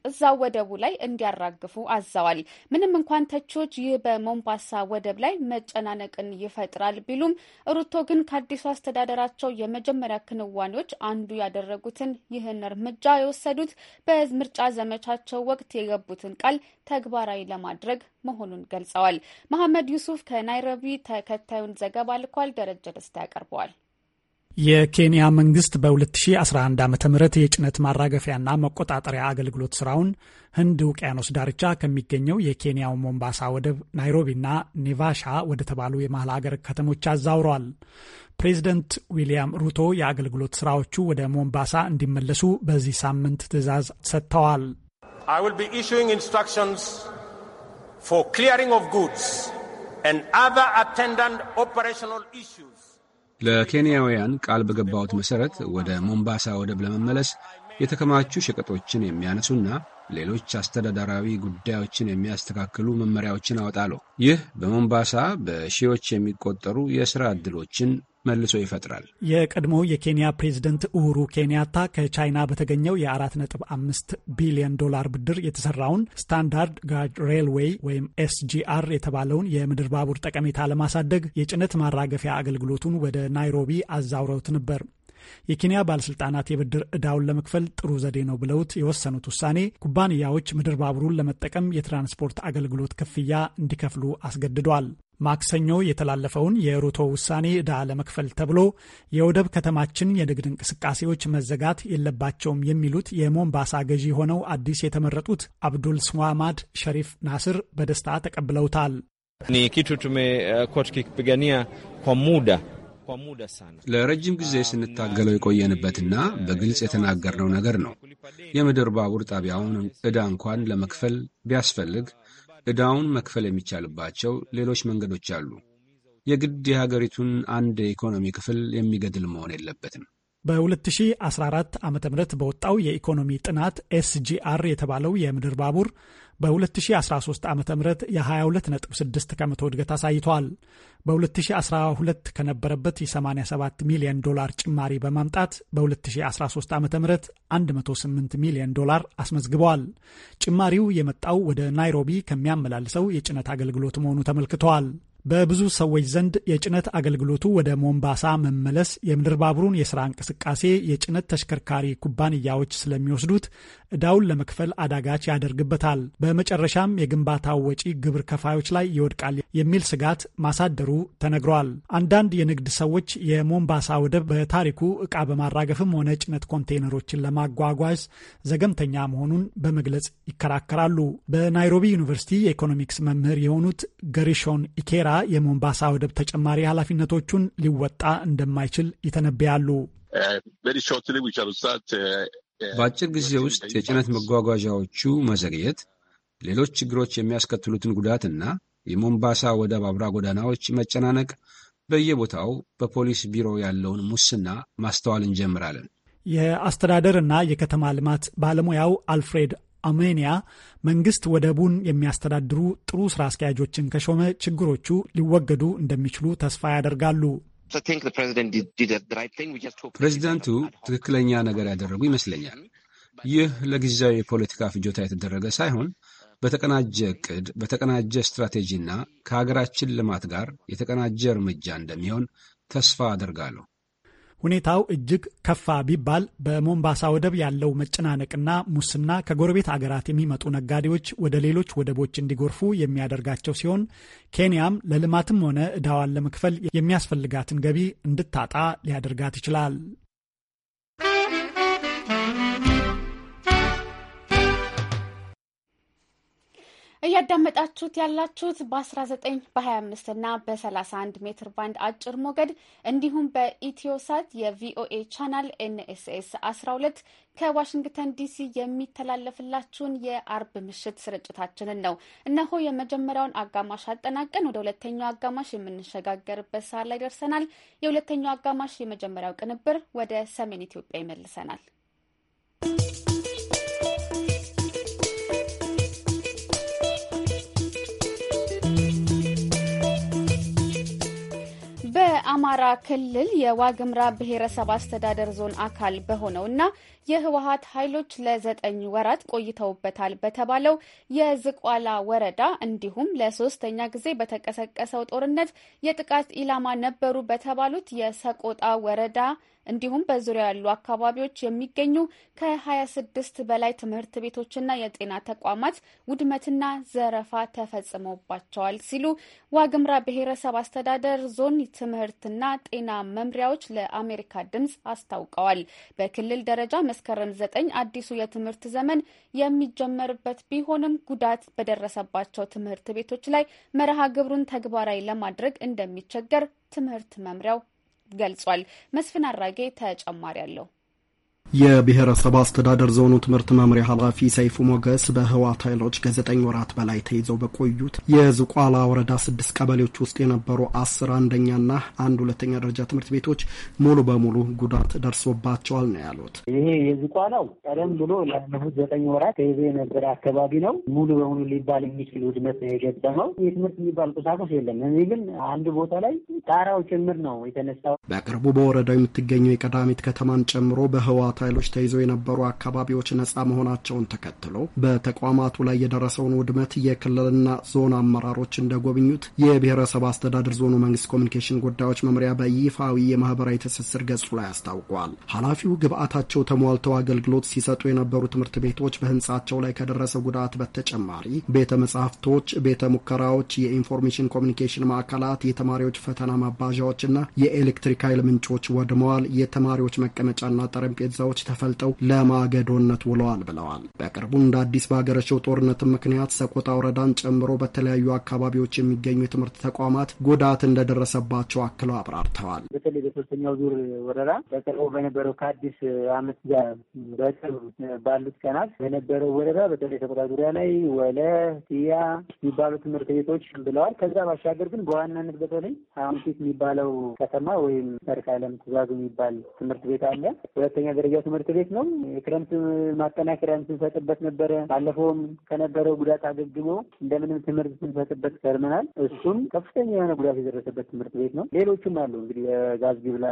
እዛው ወደቡ ላይ እንዲያራግፉ አዘዋል። ምንም እንኳን ተቾች ይህ በሞምባሳ ወደብ ላይ መጨናነቅን ይፈጥራል ቢሉም ሩቶ ግን ከአዲሱ አስተዳደራቸው የመጀመሪያ ክንዋኔዎች አንዱ ያደረጉትን ይህን እርምጃ የወሰዱት በምርጫ ዘመቻቸው ወቅት የገቡትን ቃል ተግባራዊ ለማድረግ መሆኑን ገልጸዋል። መሐመድ ዩሱፍ ከናይሮቢ ተከታዩን ዘገባ ልኳል። ደረጀ ደስታ ያቀርበዋል። የኬንያ መንግስት በ2011 ዓ ም የጭነት ማራገፊያና መቆጣጠሪያ አገልግሎት ስራውን ህንድ ውቅያኖስ ዳርቻ ከሚገኘው የኬንያው ሞምባሳ ወደብ ናይሮቢና ኔቫሻ ወደ ተባሉ የመሃል አገር ከተሞች አዛውረዋል። ፕሬዚደንት ዊልያም ሩቶ የአገልግሎት ስራዎቹ ወደ ሞምባሳ እንዲመለሱ በዚህ ሳምንት ትዕዛዝ ሰጥተዋል። ክሊሪንግ of ጉድስ ኤንድ አዘር አቴንዳንት ኦፐሬሽናል ለኬንያውያን ቃል በገባሁት መሠረት ወደ ሞምባሳ ወደብ ለመመለስ የተከማቹ ሸቀጦችን የሚያነሱና ሌሎች አስተዳደራዊ ጉዳዮችን የሚያስተካክሉ መመሪያዎችን አወጣለሁ። ይህ በሞምባሳ በሺዎች የሚቆጠሩ የሥራ ዕድሎችን መልሶ ይፈጥራል። የቀድሞው የኬንያ ፕሬዝደንት ኡሁሩ ኬንያታ ከቻይና በተገኘው የ4.5 ቢሊዮን ዶላር ብድር የተሰራውን ስታንዳርድ ጋጅ ሬልዌይ ወይም ኤስጂአር የተባለውን የምድር ባቡር ጠቀሜታ ለማሳደግ የጭነት ማራገፊያ አገልግሎቱን ወደ ናይሮቢ አዛውረውት ነበር። የኬንያ ባለስልጣናት የብድር ዕዳውን ለመክፈል ጥሩ ዘዴ ነው ብለውት የወሰኑት ውሳኔ ኩባንያዎች ምድር ባቡሩን ለመጠቀም የትራንስፖርት አገልግሎት ክፍያ እንዲከፍሉ አስገድዷል። ማክሰኞ የተላለፈውን የሩቶ ውሳኔ ዕዳ ለመክፈል ተብሎ የወደብ ከተማችን የንግድ እንቅስቃሴዎች መዘጋት የለባቸውም የሚሉት የሞምባሳ ገዢ ሆነው አዲስ የተመረጡት አብዱል ስዋማድ ሸሪፍ ናስር በደስታ ተቀብለውታል። eh, ለረጅም ጊዜ ስንታገለው የቆየንበትና በግልጽ የተናገርነው ነገር ነው። የምድር ባቡር ጣቢያውን ዕዳ እንኳን ለመክፈል ቢያስፈልግ ዕዳውን መክፈል የሚቻልባቸው ሌሎች መንገዶች አሉ። የግድ የሀገሪቱን አንድ የኢኮኖሚ ክፍል የሚገድል መሆን የለበትም። በ2014 ዓ ም በወጣው የኢኮኖሚ ጥናት ኤስጂአር የተባለው የምድር ባቡር በ2013 ዓ ም የ22.6 ከመቶ እድገት አሳይቷል። በ2012 ከነበረበት የ87 ሚሊዮን ዶላር ጭማሪ በማምጣት በ2013 ዓ ም 108 ሚሊዮን ዶላር አስመዝግበዋል። ጭማሪው የመጣው ወደ ናይሮቢ ከሚያመላልሰው የጭነት አገልግሎት መሆኑ ተመልክተዋል። በብዙ ሰዎች ዘንድ የጭነት አገልግሎቱ ወደ ሞምባሳ መመለስ የምድር ባቡሩን የሥራ እንቅስቃሴ የጭነት ተሽከርካሪ ኩባንያዎች ስለሚወስዱት ዕዳውን ለመክፈል አዳጋች ያደርግበታል። በመጨረሻም የግንባታው ወጪ ግብር ከፋዮች ላይ ይወድቃል የሚል ስጋት ማሳደሩ ተነግሯል። አንዳንድ የንግድ ሰዎች የሞምባሳ ወደብ በታሪኩ ዕቃ በማራገፍም ሆነ ጭነት ኮንቴይነሮችን ለማጓጓዝ ዘገምተኛ መሆኑን በመግለጽ ይከራከራሉ። በናይሮቢ ዩኒቨርሲቲ የኢኮኖሚክስ መምህር የሆኑት ገሪሾን ኢኬራ የሞምባሳ ወደብ ተጨማሪ ኃላፊነቶቹን ሊወጣ እንደማይችል ይተነብያሉ። በአጭር ጊዜ ውስጥ የጭነት መጓጓዣዎቹ መዘግየት፣ ሌሎች ችግሮች የሚያስከትሉትን ጉዳትና የሞምባሳ ወደብ አብራ ጎዳናዎች መጨናነቅ፣ በየቦታው በፖሊስ ቢሮ ያለውን ሙስና ማስተዋል እንጀምራለን። የአስተዳደርና የከተማ ልማት ባለሙያው አልፍሬድ አሜኒያ መንግስት ወደቡን የሚያስተዳድሩ ጥሩ ስራ አስኪያጆችን ከሾመ ችግሮቹ ሊወገዱ እንደሚችሉ ተስፋ ያደርጋሉ። ፕሬዚዳንቱ ትክክለኛ ነገር ያደረጉ ይመስለኛል። ይህ ለጊዜያዊ የፖለቲካ ፍጆታ የተደረገ ሳይሆን በተቀናጀ እቅድ በተቀናጀ ስትራቴጂና ከሀገራችን ልማት ጋር የተቀናጀ እርምጃ እንደሚሆን ተስፋ አደርጋለሁ። ሁኔታው እጅግ ከፋ ቢባል በሞምባሳ ወደብ ያለው መጨናነቅና ሙስና ከጎረቤት አገራት የሚመጡ ነጋዴዎች ወደ ሌሎች ወደቦች እንዲጎርፉ የሚያደርጋቸው ሲሆን ኬንያም ለልማትም ሆነ እዳዋን ለመክፈል የሚያስፈልጋትን ገቢ እንድታጣ ሊያደርጋት ይችላል። እያዳመጣችሁት ያላችሁት በ19 በ25 እና በ31 ሜትር ባንድ አጭር ሞገድ እንዲሁም በኢትዮሳት የቪኦኤ ቻናል ኤንኤስኤስ 12 ከዋሽንግተን ዲሲ የሚተላለፍላችሁን የአርብ ምሽት ስርጭታችንን ነው። እነሆ የመጀመሪያውን አጋማሽ አጠናቀን ወደ ሁለተኛው አጋማሽ የምንሸጋገርበት ሰዓት ላይ ደርሰናል። የሁለተኛው አጋማሽ የመጀመሪያው ቅንብር ወደ ሰሜን ኢትዮጵያ ይመልሰናል። የአማራ ክልል የዋግምራ ብሔረሰብ አስተዳደር ዞን አካል በሆነውና የህወሀት ኃይሎች ለዘጠኝ ወራት ቆይተውበታል በተባለው የዝቋላ ወረዳ እንዲሁም ለሶስተኛ ጊዜ በተቀሰቀሰው ጦርነት የጥቃት ኢላማ ነበሩ በተባሉት የሰቆጣ ወረዳ እንዲሁም በዙሪያ ያሉ አካባቢዎች የሚገኙ ከ26 በላይ ትምህርት ቤቶችና የጤና ተቋማት ውድመትና ዘረፋ ተፈጽሞባቸዋል ሲሉ ዋግምራ ብሔረሰብ አስተዳደር ዞን ትምህርትና ጤና መምሪያዎች ለአሜሪካ ድምጽ አስታውቀዋል። በክልል ደረጃ መስከረም ዘጠኝ አዲሱ የትምህርት ዘመን የሚጀመርበት ቢሆንም ጉዳት በደረሰባቸው ትምህርት ቤቶች ላይ መርሃ ግብሩን ተግባራዊ ለማድረግ እንደሚቸገር ትምህርት መምሪያው ገልጿል። መስፍን አራጌ ተጨማሪ አለው። የብሔረሰብ አስተዳደር ዞኑ ትምህርት መምሪያ ኃላፊ ሰይፉ ሞገስ በህወሓት ኃይሎች ከዘጠኝ ወራት በላይ ተይዘው በቆዩት የዝቋላ ወረዳ ስድስት ቀበሌዎች ውስጥ የነበሩ አስር አንደኛና አንድ ሁለተኛ ደረጃ ትምህርት ቤቶች ሙሉ በሙሉ ጉዳት ደርሶባቸዋል ነው ያሉት። ይሄ የዝቋላው ቀደም ብሎ ላለፉት ዘጠኝ ወራት ተይዞ የነበረ አካባቢ ነው። ሙሉ በሙሉ ሊባል የሚችል ውድመት ነው የገጠመው። የትምህርት የሚባል ቁሳቁስ የለም። እዚህ ግን አንድ ቦታ ላይ ጣራው ጭምር ነው የተነሳው። በቅርቡ በወረዳው የምትገኘው የቀዳሚት ከተማን ጨምሮ በህወሓት ኃይሎች ተይዘው የነበሩ አካባቢዎች ነጻ መሆናቸውን ተከትሎ በተቋማቱ ላይ የደረሰውን ውድመት የክልልና ዞን አመራሮች እንደጎብኙት የብሔረሰብ አስተዳደር ዞኑ መንግስት ኮሚኒኬሽን ጉዳዮች መምሪያ በይፋዊ የማህበራዊ ትስስር ገጹ ላይ አስታውቋል። ኃላፊው ግብአታቸው ተሟልተው አገልግሎት ሲሰጡ የነበሩ ትምህርት ቤቶች በህንጻቸው ላይ ከደረሰ ጉዳት በተጨማሪ ቤተ መጻሕፍቶች፣ ቤተ ሙከራዎች፣ የኢንፎርሜሽን ኮሚኒኬሽን ማዕከላት፣ የተማሪዎች ፈተና ማባዣዎችና የኤሌክትሪክ ኃይል ምንጮች ወድመዋል። የተማሪዎች መቀመጫና ጠረጴዛው ሻለቃዎች ተፈልጠው ለማገዶነት ውለዋል ብለዋል። በቅርቡ እንደ አዲስ በሀገረሸው ጦርነት ምክንያት ሰቆጣ ወረዳን ጨምሮ በተለያዩ አካባቢዎች የሚገኙ የትምህርት ተቋማት ጉዳት እንደደረሰባቸው አክለው አብራርተዋል። በተለይ በሶስተኛው ዙር ወረራ በቅርቡ በነበረው ከአዲስ አመት ጋር በቅርብ ባሉት ቀናት በነበረው ወረራ በተለይ ሰቆጣ ዙሪያ ላይ ወለ ያ የሚባሉ ትምህርት ቤቶች ብለዋል። ከዛ ባሻገር ግን በዋናነት በተለይ ሀምሲት የሚባለው ከተማ ወይም ሰርክ ትእዛዙ የሚባል ትምህርት ቤት አለ። ሁለተኛ ደረጃ ትምህርት ቤት ነው። የክረምት ማጠናከሪያ ስንሰጥበት ነበረ። ባለፈውም ከነበረው ጉዳት አገግሞ እንደምንም ትምህርት ስንሰጥበት ከርመናል። እሱም ከፍተኛ የሆነ ጉዳት የደረሰበት ትምህርት ቤት ነው። ሌሎቹም አሉ እንግዲህ የጋዝ ግብላ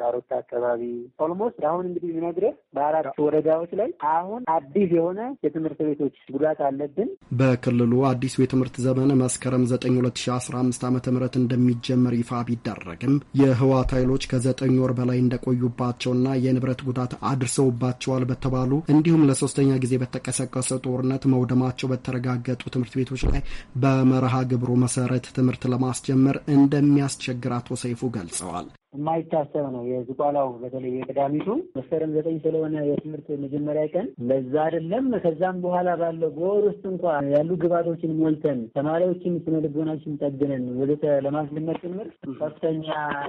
ዛሮታ አካባቢ ኦልሞስት አሁን እንግዲህ ምነግረህ በአራት ወረዳዎች ላይ አሁን አዲስ የሆነ የትምህርት ቤቶች ጉዳት አለብን። በክልሉ አዲሱ የትምህርት ዘመን መስከረም ዘጠኝ ሁለት ሺ አስራ አምስት አመተ ምህረት እንደሚጀመር ይፋ ቢደረግም የህዋት ኃይሎች ከዘጠኝ ወር በላይ እንደቆዩባቸውና የንብረት ጉዳት አድርሰውባቸዋል በተባሉ እንዲሁም ለሶስተኛ ጊዜ በተቀሰቀሰ ጦርነት መውደማቸው በተረጋገጡ ትምህርት ቤቶች ላይ በመርሃ ግብሩ መሰረት ትምህርት ለማስጀመር እንደሚያስቸግር አቶ ሰይፉ ገልጸዋል። የማይታሰብ ነው። የዝቋላው በተለይ የቅዳሚቱ መስከረም ዘጠኝ ስለሆነ የትምህርት መጀመሪያ ቀን ለዛ አይደለም። ከዛም በኋላ ባለው በወር ውስጥ እንኳ ያሉ ግባቶችን ሞልተን ተማሪዎችን ስነ ልቦናችን ጠግነን ወደተ ለማስለመድ ጭምር ከፍተኛ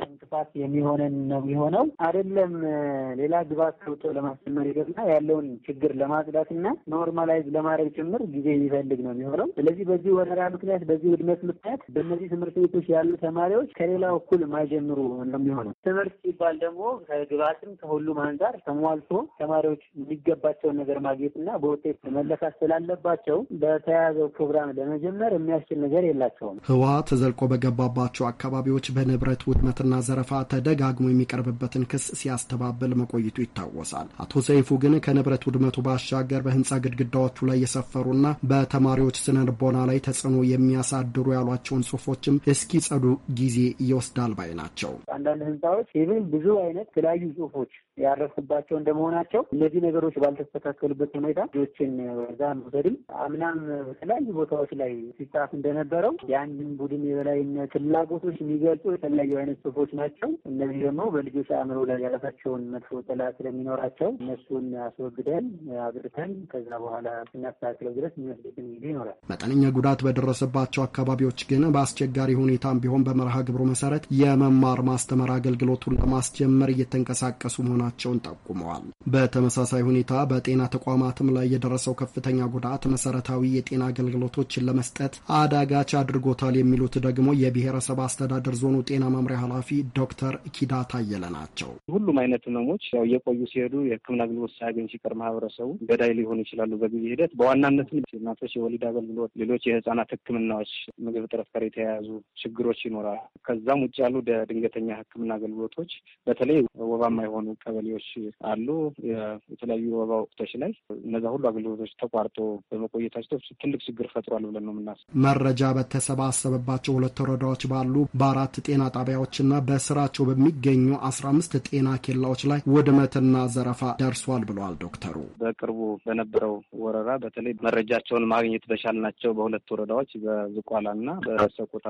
እንቅፋት የሚሆነን ነው የሆነው። አይደለም ሌላ ግባት ሰውቶ ለማስጀመር ይገና ያለውን ችግር ለማጽዳት እና ኖርማላይዝ ለማድረግ ጭምር ጊዜ የሚፈልግ ነው የሚሆነው። ስለዚህ በዚህ ወረራ ምክንያት፣ በዚህ ውድመት ምክንያት በእነዚህ ትምህርት ቤቶች ያሉ ተማሪዎች ከሌላው እኩል ማይጀምሩ የሚሆነው። ትምህርት ሲባል ደግሞ ከግብአትም ከሁሉም አንጻር ተሟልቶ ተማሪዎች የሚገባቸውን ነገር ማግኘትና በውጤት መለካት ስላለባቸው በተያያዘው ፕሮግራም ለመጀመር የሚያስችል ነገር የላቸውም። ህዋ ተዘልቆ በገባባቸው አካባቢዎች በንብረት ውድመትና ዘረፋ ተደጋግሞ የሚቀርብበትን ክስ ሲያስተባብል መቆየቱ ይታወሳል። አቶ ሰይፉ ግን ከንብረት ውድመቱ ባሻገር በህንፃ ግድግዳዎቹ ላይ የሰፈሩና በተማሪዎች ስነ ልቦና ላይ ተጽዕኖ የሚያሳድሩ ያሏቸውን ጽሁፎችም እስኪጸዱ ጊዜ ይወስዳል ባይ ናቸው። ያለ ህንፃዎች ይብን ብዙ አይነት የተለያዩ ጽሁፎች ያረፍኩባቸው እንደመሆናቸው እነዚህ ነገሮች ባልተስተካከሉበት ሁኔታ ልጆችን ወዛ መውሰድም አምናም በተለያዩ ቦታዎች ላይ ሲጻፍ እንደነበረው የአንድን ቡድን የበላይነት ፍላጎቶች የሚገልጹ የተለያዩ አይነት ጽሁፎች ናቸው። እነዚህ ደግሞ በልጆች አእምሮ ላይ ያረፋቸውን መጥፎ ጥላ ስለሚኖራቸው እነሱን አስወግደን አብርተን ከዛ በኋላ ስናስተካክለው ድረስ የሚወስድብን ጊዜ ይኖራል። መጠነኛ ጉዳት በደረሰባቸው አካባቢዎች ግን በአስቸጋሪ ሁኔታም ቢሆን በመርሃ ግብሩ መሰረት የመማር ማስተማር ማስተማር አገልግሎቱን ለማስጀመር እየተንቀሳቀሱ መሆናቸውን ጠቁመዋል። በተመሳሳይ ሁኔታ በጤና ተቋማትም ላይ የደረሰው ከፍተኛ ጉዳት መሰረታዊ የጤና አገልግሎቶችን ለመስጠት አዳጋች አድርጎታል የሚሉት ደግሞ የብሔረሰብ አስተዳደር ዞኑ ጤና መምሪያ ኃላፊ ዶክተር ኪዳ ታየለ ናቸው። ሁሉም አይነት ህመሞች ያው እየቆዩ ሲሄዱ የህክምና አገልግሎት ሳያገኝ ሲቀር ማህበረሰቡ ገዳይ ሊሆኑ ይችላሉ። በጊዜ ሂደት በዋናነትም እናቶች የወሊድ አገልግሎት፣ ሌሎች የህጻናት ህክምናዎች፣ ምግብ እጥረት ጋር የተያያዙ ችግሮች ይኖራል። ከዛም ውጭ ያሉ ድንገተኛ ህክምና የሕክምና አገልግሎቶች በተለይ ወባማ የሆኑ ቀበሌዎች አሉ። የተለያዩ ወባ ወቅቶች ላይ እነዛ ሁሉ አገልግሎቶች ተቋርጦ በመቆየታቸው ትልቅ ችግር ፈጥሯል ብለን ነው የምናስበው። መረጃ በተሰባሰበባቸው ሁለት ወረዳዎች ባሉ በአራት ጤና ጣቢያዎችና በስራቸው በሚገኙ አስራ አምስት ጤና ኬላዎች ላይ ውድመትና ዘረፋ ደርሷል ብለዋል ዶክተሩ። በቅርቡ በነበረው ወረራ በተለይ መረጃቸውን ማግኘት በቻልናቸው በሁለት ወረዳዎች በዝቋላ እና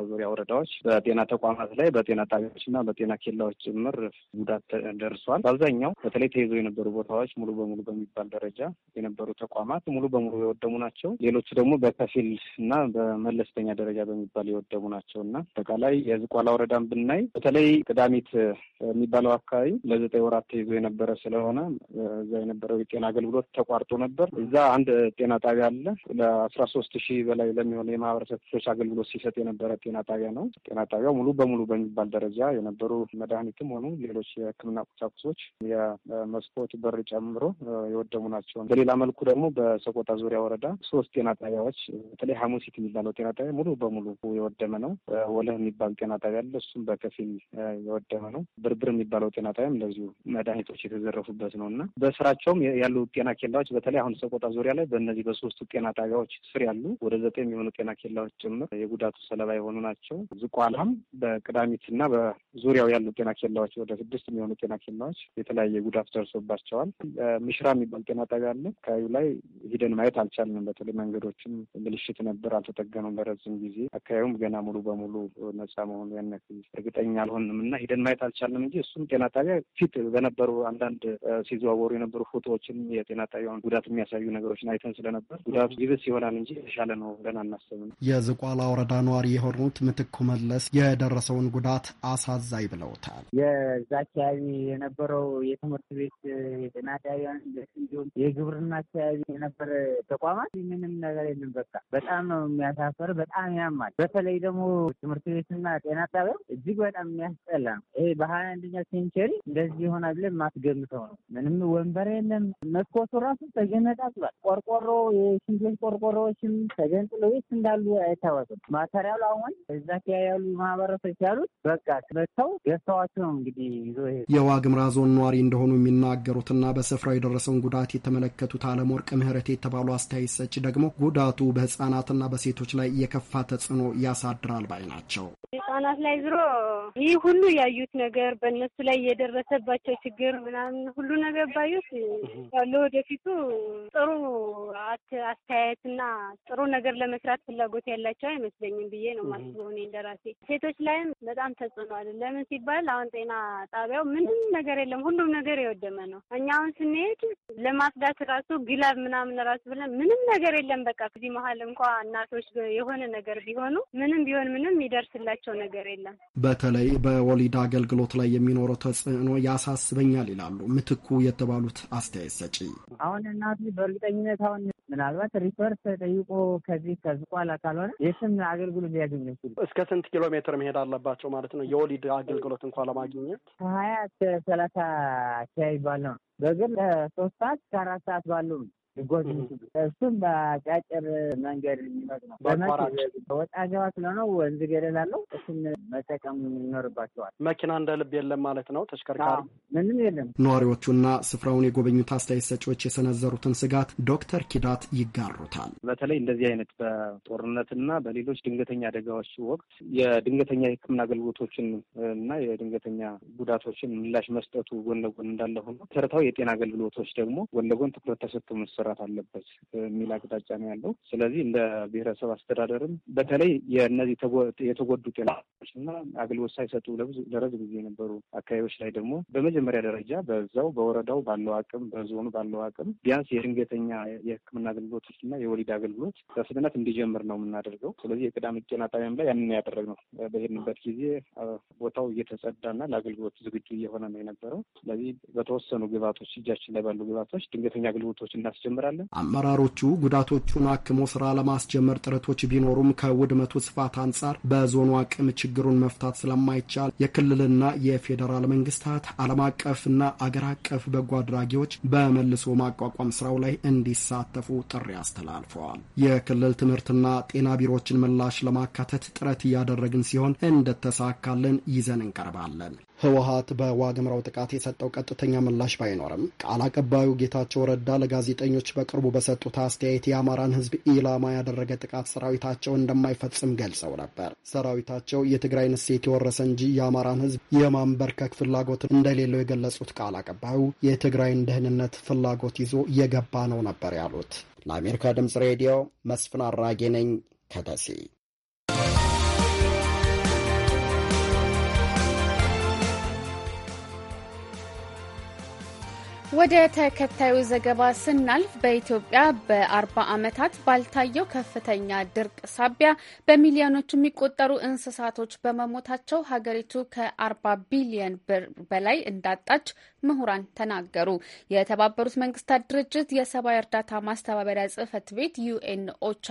ዙሪያ ወረዳዎች በጤና ተቋማት ላይ በጤና ጣቢያዎችና በጤና ኬላዎች ጭምር ጉዳት ደርሷል። በአብዛኛው በተለይ ተይዞ የነበሩ ቦታዎች ሙሉ በሙሉ በሚባል ደረጃ የነበሩ ተቋማት ሙሉ በሙሉ የወደሙ ናቸው። ሌሎቹ ደግሞ በከፊል እና በመለስተኛ ደረጃ በሚባል የወደሙ ናቸው እና አጠቃላይ የዝቋላ ወረዳን ብናይ በተለይ ቅዳሚት የሚባለው አካባቢ ለዘጠኝ ወራት ተይዞ የነበረ ስለሆነ እዛ የነበረው የጤና አገልግሎት ተቋርጦ ነበር። እዛ አንድ ጤና ጣቢያ አለ። ለአስራ ሶስት ሺህ በላይ ለሚሆነ የማህበረሰብ ክፍሎች አገልግሎት ሲሰጥ የነበረ ጤና ጣቢያ ነው። ጤና ጣቢያው ሙሉ በሙሉ በሚባል ደረጃ የነበሩ መድኃኒትም ሆኑ ሌሎች የሕክምና ቁሳቁሶች የመስኮት በር ጨምሮ የወደሙ ናቸው። በሌላ መልኩ ደግሞ በሰቆጣ ዙሪያ ወረዳ ሶስት ጤና ጣቢያዎች በተለይ ሐሙሲት የሚባለው ጤና ጣቢያ ሙሉ በሙሉ የወደመ ነው። ወለህ የሚባል ጤና ጣቢያ አለ። እሱም በከፊል የወደመ ነው። ብርብር የሚባለው ጤና ጣቢያም እንደዚሁ መድኃኒቶች የተዘረፉበት ነው እና በስራቸውም ያሉ ጤና ኬላዎች በተለይ አሁን ሰቆጣ ዙሪያ ላይ በእነዚህ በሶስቱ ጤና ጣቢያዎች ስር ያሉ ወደ ዘጠኝ የሚሆኑ ጤና ኬላዎች ጭምር የጉዳቱ ሰለባ የሆኑ ናቸው። ዝቋላም በቅዳሚት እና በዙሪያው ያሉ ጤና ኬላዎች ወደ ስድስት የሚሆኑ ጤና ኬላዎች የተለያየ ጉዳት ደርሶባቸዋል። ምሽራ የሚባል ጤና ጣቢያ አለ። አካባቢው ላይ ሂደን ማየት አልቻልንም። በተለይ መንገዶችም ብልሽት ነበር፣ አልተጠገኑም በረዝም ጊዜ። አካባቢውም ገና ሙሉ በሙሉ ነጻ መሆኑ ያን እርግጠኛ አልሆንም እና ሂደን ማየት አልቻልንም እንጂ እሱም ጤና ጣቢያ ፊት በነበሩ አንዳንድ ሲዘዋወሩ የነበሩ ፎቶዎችን የጤና ጣቢያውን ጉዳት የሚያሳዩ ነገሮችን አይተን ስለነበር ጉዳቱ ይብስ ይሆናል እንጂ የተሻለ ነው ብለን አናስብም። የዝቋላ ወረዳ ነዋሪ የሆኑት ምትኩ መለስ የደረሰውን ጉዳት አሳዛኝ ብለው ገልጸውታል። የዛ አካባቢ የነበረው የትምህርት ቤት የጤና እንዲሁም የግብርና አካባቢ የነበረ ተቋማት ምንም ነገር የለም። በቃ በጣም ነው የሚያሳፈር፣ በጣም ያማል። በተለይ ደግሞ ትምህርት ቤትና ጤና ጣቢያ እጅግ በጣም የሚያስጠላ ነው። ይሄ በሀያ አንደኛ ሴንቸሪ እንደዚህ ይሆናል ብለን የማትገምተው ነው። ምንም ወንበር የለም። መስኮቱ ራሱ ተገነጣጥሏል። ቆርቆሮ የሽንት ቆርቆሮዎችም ተገንጥሎ ቤት እንዳሉ አይታወቅም። ማተሪያሉ አሁን እዛ ያሉ ማህበረሰቦች ያሉት በቃ መጥተው እንደተዋቸው ነው እንግዲህ ይዞ የዋግምራ ዞን ነዋሪ እንደሆኑ የሚናገሩትና በስፍራው የደረሰውን ጉዳት የተመለከቱት አለምወርቅ ምህረት የተባሉ አስተያየት ሰጭ ደግሞ ጉዳቱ በህጻናትና በሴቶች ላይ የከፋ ተጽዕኖ ያሳድራል ባይ ናቸው። ህጻናት ላይ ዝሮ ይህ ሁሉ ያዩት ነገር በእነሱ ላይ የደረሰባቸው ችግር ምናምን ሁሉ ነገር ባዩት ያለው ወደፊቱ ጥሩ አስተያየትና ጥሩ ነገር ለመስራት ፍላጎት ያላቸው አይመስለኝም ብዬ ነው ማስበው እኔ እንደራሴ ሴቶች ላይም በጣም ተጽዕኖ አለ። ለምን ሲባል አሁን ጤና ጣቢያው ምንም ነገር የለም፣ ሁሉም ነገር የወደመ ነው። እኛ አሁን ስንሄድ ለማጽዳት ራሱ ግላብ ምናምን ራሱ ብለን ምንም ነገር የለም። በቃ እዚህ መሀል እንኳ እናቶች የሆነ ነገር ቢሆኑ ምንም ቢሆን ምንም የሚደርስላቸው ነገር የለም። በተለይ በወሊድ አገልግሎት ላይ የሚኖረው ተጽዕኖ ያሳስበኛል ይላሉ ምትኩ የተባሉት አስተያየት ሰጪ። አሁን እናቱ በእርግጠኝነት አሁን ምናልባት ሪፈር ጠይቆ ከዚህ ከዝቋላ ካልሆነ የስም አገልግሎት ሊያገኝ ይችል። እስከ ስንት ኪሎ ሜትር መሄድ አለባቸው ማለት ነው የወሊድ አገልግሎት አገልግሎት እንኳን ለማግኘት ሀያ ሰላሳ ሺህ ይባል ነው በግል ሶስት ሰዓት ከአራት ሰዓት ባሉ እሱም በአጫጭር መንገድ የሚመጡ ወጣ ገባ ስለሆነ ወንዝ ገደላለው እሱን መጠቀም ይኖርባቸዋል። መኪና እንደ ልብ የለም ማለት ነው። ተሽከርካሪ ምንም የለም። ነዋሪዎቹና ስፍራውን የጎበኙት አስተያየት ሰጪዎች የሰነዘሩትን ስጋት ዶክተር ኪዳት ይጋሩታል። በተለይ እንደዚህ አይነት በጦርነትና በሌሎች ድንገተኛ አደጋዎች ወቅት የድንገተኛ የሕክምና አገልግሎቶችን እና የድንገተኛ ጉዳቶችን ምላሽ መስጠቱ ጎን ለጎን እንዳለ ሆኖ መሰረታዊ የጤና አገልግሎቶች ደግሞ ጎን ለጎን ትኩረት ተሰጥቶ መሰራ መሰራት አለበት የሚል አቅጣጫ ነው ያለው። ስለዚህ እንደ ብሔረሰብ አስተዳደርም በተለይ የእነዚህ የተጎዱ ጤናዎች እና አገልግሎት ሳይሰጡ ለብዙ ጊዜ የነበሩ አካባቢዎች ላይ ደግሞ በመጀመሪያ ደረጃ በዛው በወረዳው ባለው አቅም፣ በዞኑ ባለው አቅም ቢያንስ የድንገተኛ የሕክምና አገልግሎቶች እና የወሊድ አገልግሎት በፍጥነት እንዲጀምር ነው የምናደርገው። ስለዚህ የቅዳም ጤና ጣቢያም ላይ ያንን ነው በሄድንበት ጊዜ ቦታው እየተጸዳና ለአገልግሎት ዝግጁ እየሆነ ነው የነበረው። ስለዚህ በተወሰኑ ግባቶች እጃችን ላይ ባሉ ግባቶች ድንገተኛ አገልግሎቶች እናስጀምር እንጀምራለን። አመራሮቹ ጉዳቶቹን አክሞ ስራ ለማስጀመር ጥረቶች ቢኖሩም ከውድመቱ ስፋት አንጻር በዞኑ አቅም ችግሩን መፍታት ስለማይቻል የክልልና የፌዴራል መንግስታት ዓለም አቀፍና አገር አቀፍ በጎ አድራጊዎች በመልሶ ማቋቋም ስራው ላይ እንዲሳተፉ ጥሪ አስተላልፈዋል። የክልል ትምህርትና ጤና ቢሮዎችን ምላሽ ለማካተት ጥረት እያደረግን ሲሆን እንደተሳካልን ይዘን እንቀርባለን። ህወሀት በዋግምራው ጥቃት የሰጠው ቀጥተኛ ምላሽ ባይኖርም ቃል አቀባዩ ጌታቸው ረዳ ለጋዜጠኞች በቅርቡ በሰጡት አስተያየት የአማራን ህዝብ ኢላማ ያደረገ ጥቃት ሰራዊታቸው እንደማይፈጽም ገልጸው ነበር። ሰራዊታቸው የትግራይን እሴት የወረሰ እንጂ የአማራን ህዝብ የማንበርከክ ፍላጎት እንደሌለው የገለጹት ቃል አቀባዩ የትግራይን ደህንነት ፍላጎት ይዞ የገባ ነው ነበር ያሉት። ለአሜሪካ ድምጽ ሬዲዮ መስፍን አራጌ ነኝ ከደሴ ወደ ተከታዩ ዘገባ ስናልፍ በኢትዮጵያ በአርባ ዓመታት ባልታየው ከፍተኛ ድርቅ ሳቢያ በሚሊዮኖች የሚቆጠሩ እንስሳቶች በመሞታቸው ሀገሪቱ ከአርባ ቢሊየን ብር በላይ እንዳጣች ምሁራን ተናገሩ። የተባበሩት መንግስታት ድርጅት የሰብአዊ እርዳታ ማስተባበሪያ ጽህፈት ቤት ዩኤን ኦቻ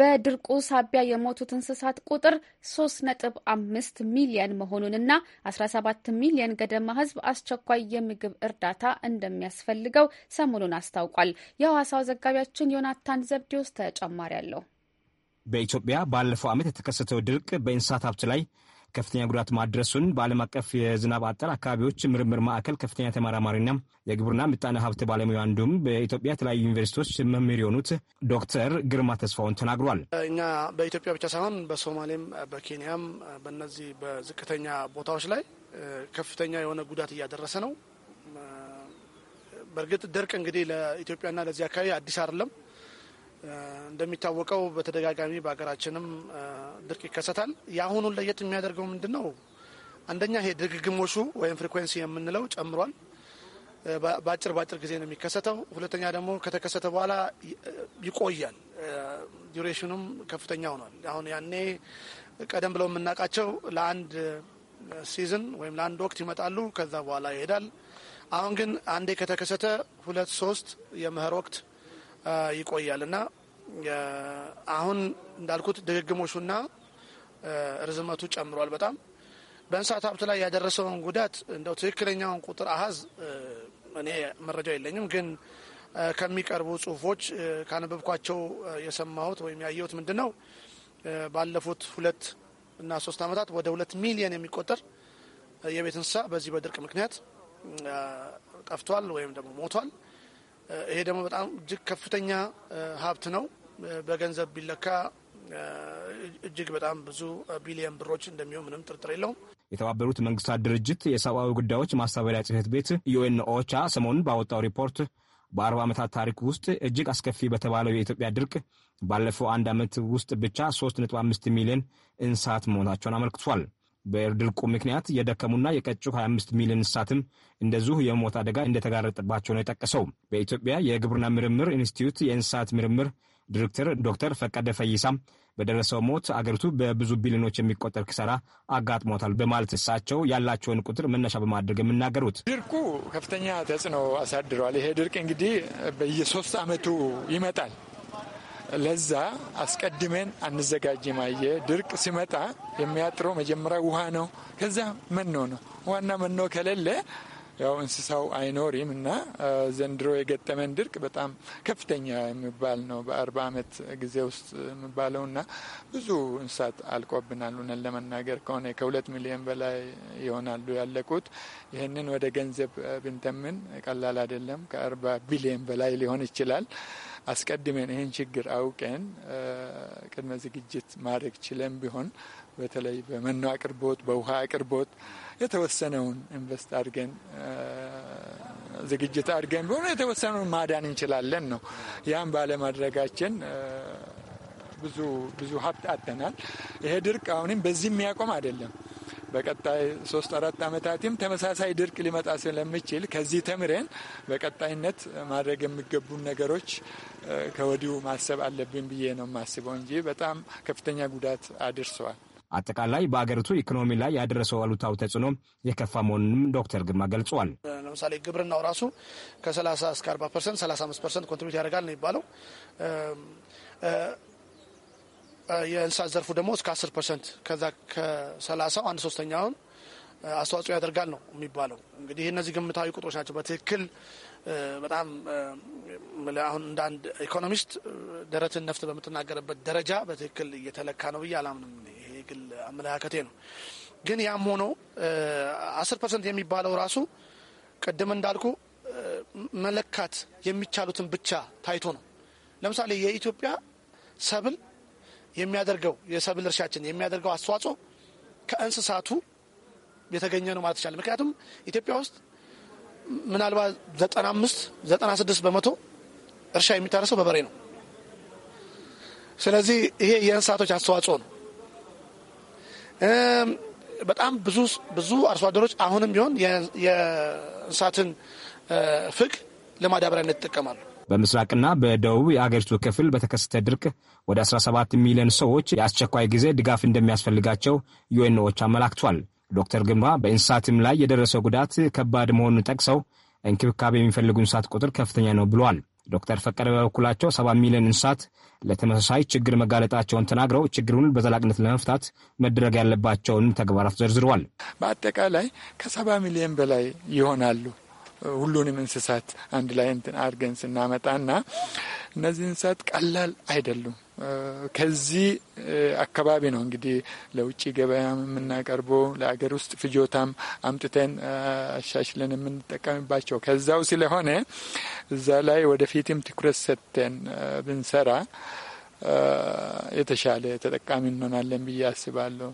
በድርቁ ሳቢያ የሞቱት እንስሳት ቁጥር 3.5 ሚሊየን መሆኑንና 17 ሚሊየን ገደማ ህዝብ አስቸኳይ የምግብ እርዳታ እንደሚያስፈልገው ሰሞኑን አስታውቋል። የሐዋሳው ዘጋቢያችን ዮናታን ዘብዴዎስ ተጨማሪ አለው። በኢትዮጵያ ባለፈው ዓመት የተከሰተው ድርቅ በእንስሳት ሀብት ላይ ከፍተኛ ጉዳት ማድረሱን በዓለም አቀፍ የዝናብ አጠር አካባቢዎች ምርምር ማዕከል ከፍተኛ ተመራማሪና የግብርና ምጣኔ ሀብት ባለሙያ እንዲሁም በኢትዮጵያ የተለያዩ ዩኒቨርሲቲዎች መምህር የሆኑት ዶክተር ግርማ ተስፋውን ተናግሯል። እኛ በኢትዮጵያ ብቻ ሳይሆን በሶማሌም በኬንያም በነዚህ በዝቅተኛ ቦታዎች ላይ ከፍተኛ የሆነ ጉዳት እያደረሰ ነው። በእርግጥ ድርቅ እንግዲህ ለኢትዮጵያና ለዚህ አካባቢ አዲስ አይደለም። እንደሚታወቀው በተደጋጋሚ በሀገራችንም ድርቅ ይከሰታል። የአሁኑን ለየት የሚያደርገው ምንድን ነው? አንደኛ ይሄ ድግግሞሹ ወይም ፍሪኩዌንሲ የምንለው ጨምሯል። በአጭር በአጭር ጊዜ ነው የሚከሰተው። ሁለተኛ ደግሞ ከተከሰተ በኋላ ይቆያል። ዲሬሽኑም ከፍተኛ ሆኗል። አሁን ያኔ ቀደም ብለው የምናውቃቸው ለአንድ ሲዝን ወይም ለአንድ ወቅት ይመጣሉ፣ ከዛ በኋላ ይሄዳል። አሁን ግን አንዴ ከተከሰተ ሁለት ሶስት የመኸር ወቅት ይቆያል እና አሁን እንዳልኩት ድግግሞሹና ርዝመቱ ጨምሯል በጣም በእንስሳት ሀብት ላይ ያደረሰውን ጉዳት እንደው ትክክለኛውን ቁጥር አሀዝ እኔ መረጃ የለኝም፣ ግን ከሚቀርቡ ጽሁፎች ካነበብኳቸው የሰማሁት ወይም ያየሁት ምንድን ነው ባለፉት ሁለት እና ሶስት አመታት ወደ ሁለት ሚሊየን የሚቆጠር የቤት እንስሳ በዚህ በድርቅ ምክንያት ጠፍቷል ወይም ደግሞ ሞቷል። ይሄ ደግሞ በጣም እጅግ ከፍተኛ ሀብት ነው። በገንዘብ ቢለካ እጅግ በጣም ብዙ ቢሊየን ብሮች እንደሚሆን ምንም ጥርጥር የለውም። የተባበሩት መንግስታት ድርጅት የሰብአዊ ጉዳዮች ማስተባበሪያ ጽህፈት ቤት ዩኤን ኦቻ ሰሞኑን ባወጣው ሪፖርት በአርባ ዓመታት ታሪክ ውስጥ እጅግ አስከፊ በተባለው የኢትዮጵያ ድርቅ ባለፈው አንድ ዓመት ውስጥ ብቻ 3.5 ሚሊዮን እንስሳት መሆናቸውን አመልክቷል። በድርቁ ምክንያት የደከሙና የቀጩ 25 ሚሊዮን እንስሳትም እንደዚሁ የሞት አደጋ እንደተጋረጠባቸው ነው የጠቀሰው። በኢትዮጵያ የግብርና ምርምር ኢንስቲትዩት የእንስሳት ምርምር ዲሬክተር ዶክተር ፈቀደ ፈይሳ በደረሰው ሞት አገሪቱ በብዙ ቢሊዮኖች የሚቆጠር ኪሳራ አጋጥሞታል በማለት እሳቸው ያላቸውን ቁጥር መነሻ በማድረግ የሚናገሩት ድርቁ ከፍተኛ ተጽዕኖ አሳድረዋል። ይሄ ድርቅ እንግዲህ በየሶስት ዓመቱ ይመጣል። ለዛ አስቀድመን አንዘጋጅ ማየ ድርቅ ሲመጣ የሚያጥረው መጀመሪያ ውሃ ነው፣ ከዛ መኖ ነው። ዋና መኖ ከሌለ ያው እንስሳው አይኖሪም እና ዘንድሮ የገጠመን ድርቅ በጣም ከፍተኛ የሚባል ነው። በአርባ ዓመት ጊዜ ውስጥ የሚባለው እና ብዙ እንስሳት አልቆብናል። እውነቱን ለመናገር ከሆነ ከሁለት ሚሊዮን በላይ ይሆናሉ ያለቁት። ይህንን ወደ ገንዘብ ብንተምን ቀላል አይደለም። ከአርባ ቢሊዮን በላይ ሊሆን ይችላል። አስቀድመን ይህን ችግር አውቀን ቅድመ ዝግጅት ማድረግ ችለን ቢሆን በተለይ በመኖ አቅርቦት፣ በውሃ አቅርቦት የተወሰነውን ኢንቨስት አድርገን ዝግጅት አድርገን ቢሆን የተወሰነውን ማዳን እንችላለን ነው። ያም ባለማድረጋችን ብዙ ብዙ ሀብት አጥተናል። ይሄ ድርቅ አሁንም በዚህ የሚያቆም አይደለም። በቀጣይ ሶስት አራት ዓመታትም ተመሳሳይ ድርቅ ሊመጣ ስለሚችል ከዚህ ተምረን በቀጣይነት ማድረግ የሚገቡን ነገሮች ከወዲሁ ማሰብ አለብን ብዬ ነው የማስበው እንጂ በጣም ከፍተኛ ጉዳት አድርሰዋል። አጠቃላይ በአገሪቱ ኢኮኖሚ ላይ ያደረሰው አሉታዊ ተጽዕኖ የከፋ መሆኑንም ዶክተር ግርማ ገልጸዋል። ለምሳሌ ግብርናው ራሱ ከ30 እስከ 40 ፐርሰንት 35 ፐርሰንት ኮንትሪቢዩት ያደርጋል ነው የሚባለው። የእንስሳት ዘርፉ ደግሞ እስከ አስር ፐርሰንት ከዛ ከሰላሳው አንድ ሶስተኛውን አስተዋጽኦ ያደርጋል ነው የሚባለው። እንግዲህ እነዚህ ግምታዊ ቁጥሮች ናቸው። በትክክል በጣም አሁን እንደ አንድ ኢኮኖሚስት ደረትን ነፍት በምትናገርበት ደረጃ በትክክል እየተለካ ነው ብዬ አላምንም። ይሄ ግል አመለካከቴ ነው። ግን ያም ሆኖ አስር ፐርሰንት የሚባለው ራሱ ቅድም እንዳልኩ መለካት የሚቻሉትን ብቻ ታይቶ ነው። ለምሳሌ የኢትዮጵያ ሰብል የሚያደርገው የሰብል እርሻችን የሚያደርገው አስተዋጽኦ ከእንስሳቱ የተገኘ ነው ማለት ይቻላል። ምክንያቱም ኢትዮጵያ ውስጥ ምናልባት ዘጠና አምስት ዘጠና ስድስት በመቶ እርሻ የሚታረሰው በበሬ ነው። ስለዚህ ይሄ የእንስሳቶች አስተዋጽኦ ነው። በጣም ብዙ ብዙ አርሶ አደሮች አሁንም ቢሆን የእንስሳትን ፍግ ለማዳበሪያነት ይጠቀማሉ። በምስራቅና በደቡብ የአገሪቱ ክፍል በተከሰተ ድርቅ ወደ 17 ሚሊዮን ሰዎች የአስቸኳይ ጊዜ ድጋፍ እንደሚያስፈልጋቸው ዩኤንኦች አመላክቷል። ዶክተር ግንባ በእንስሳትም ላይ የደረሰው ጉዳት ከባድ መሆኑን ጠቅሰው እንክብካቤ የሚፈልጉ እንስሳት ቁጥር ከፍተኛ ነው ብለዋል። ዶክተር ፈቀደ በበኩላቸው 7 ሚሊዮን እንስሳት ለተመሳሳይ ችግር መጋለጣቸውን ተናግረው ችግሩን በዘላቅነት ለመፍታት መደረግ ያለባቸውን ተግባራት ዘርዝረዋል። በአጠቃላይ ከ ሚሊዮን በላይ ይሆናሉ ሁሉንም እንስሳት አንድ ላይ እንትን አድርገን ስናመጣና እነዚህ እንስሳት ቀላል አይደሉም። ከዚህ አካባቢ ነው እንግዲህ ለውጭ ገበያም የምናቀርበው ለአገር ውስጥ ፍጆታም አምጥተን አሻሽለን የምንጠቀምባቸው ከዛው ስለሆነ እዛ ላይ ወደፊትም ትኩረት ሰጥተን ብንሰራ የተሻለ ተጠቃሚ እንሆናለን ብዬ አስባለሁ።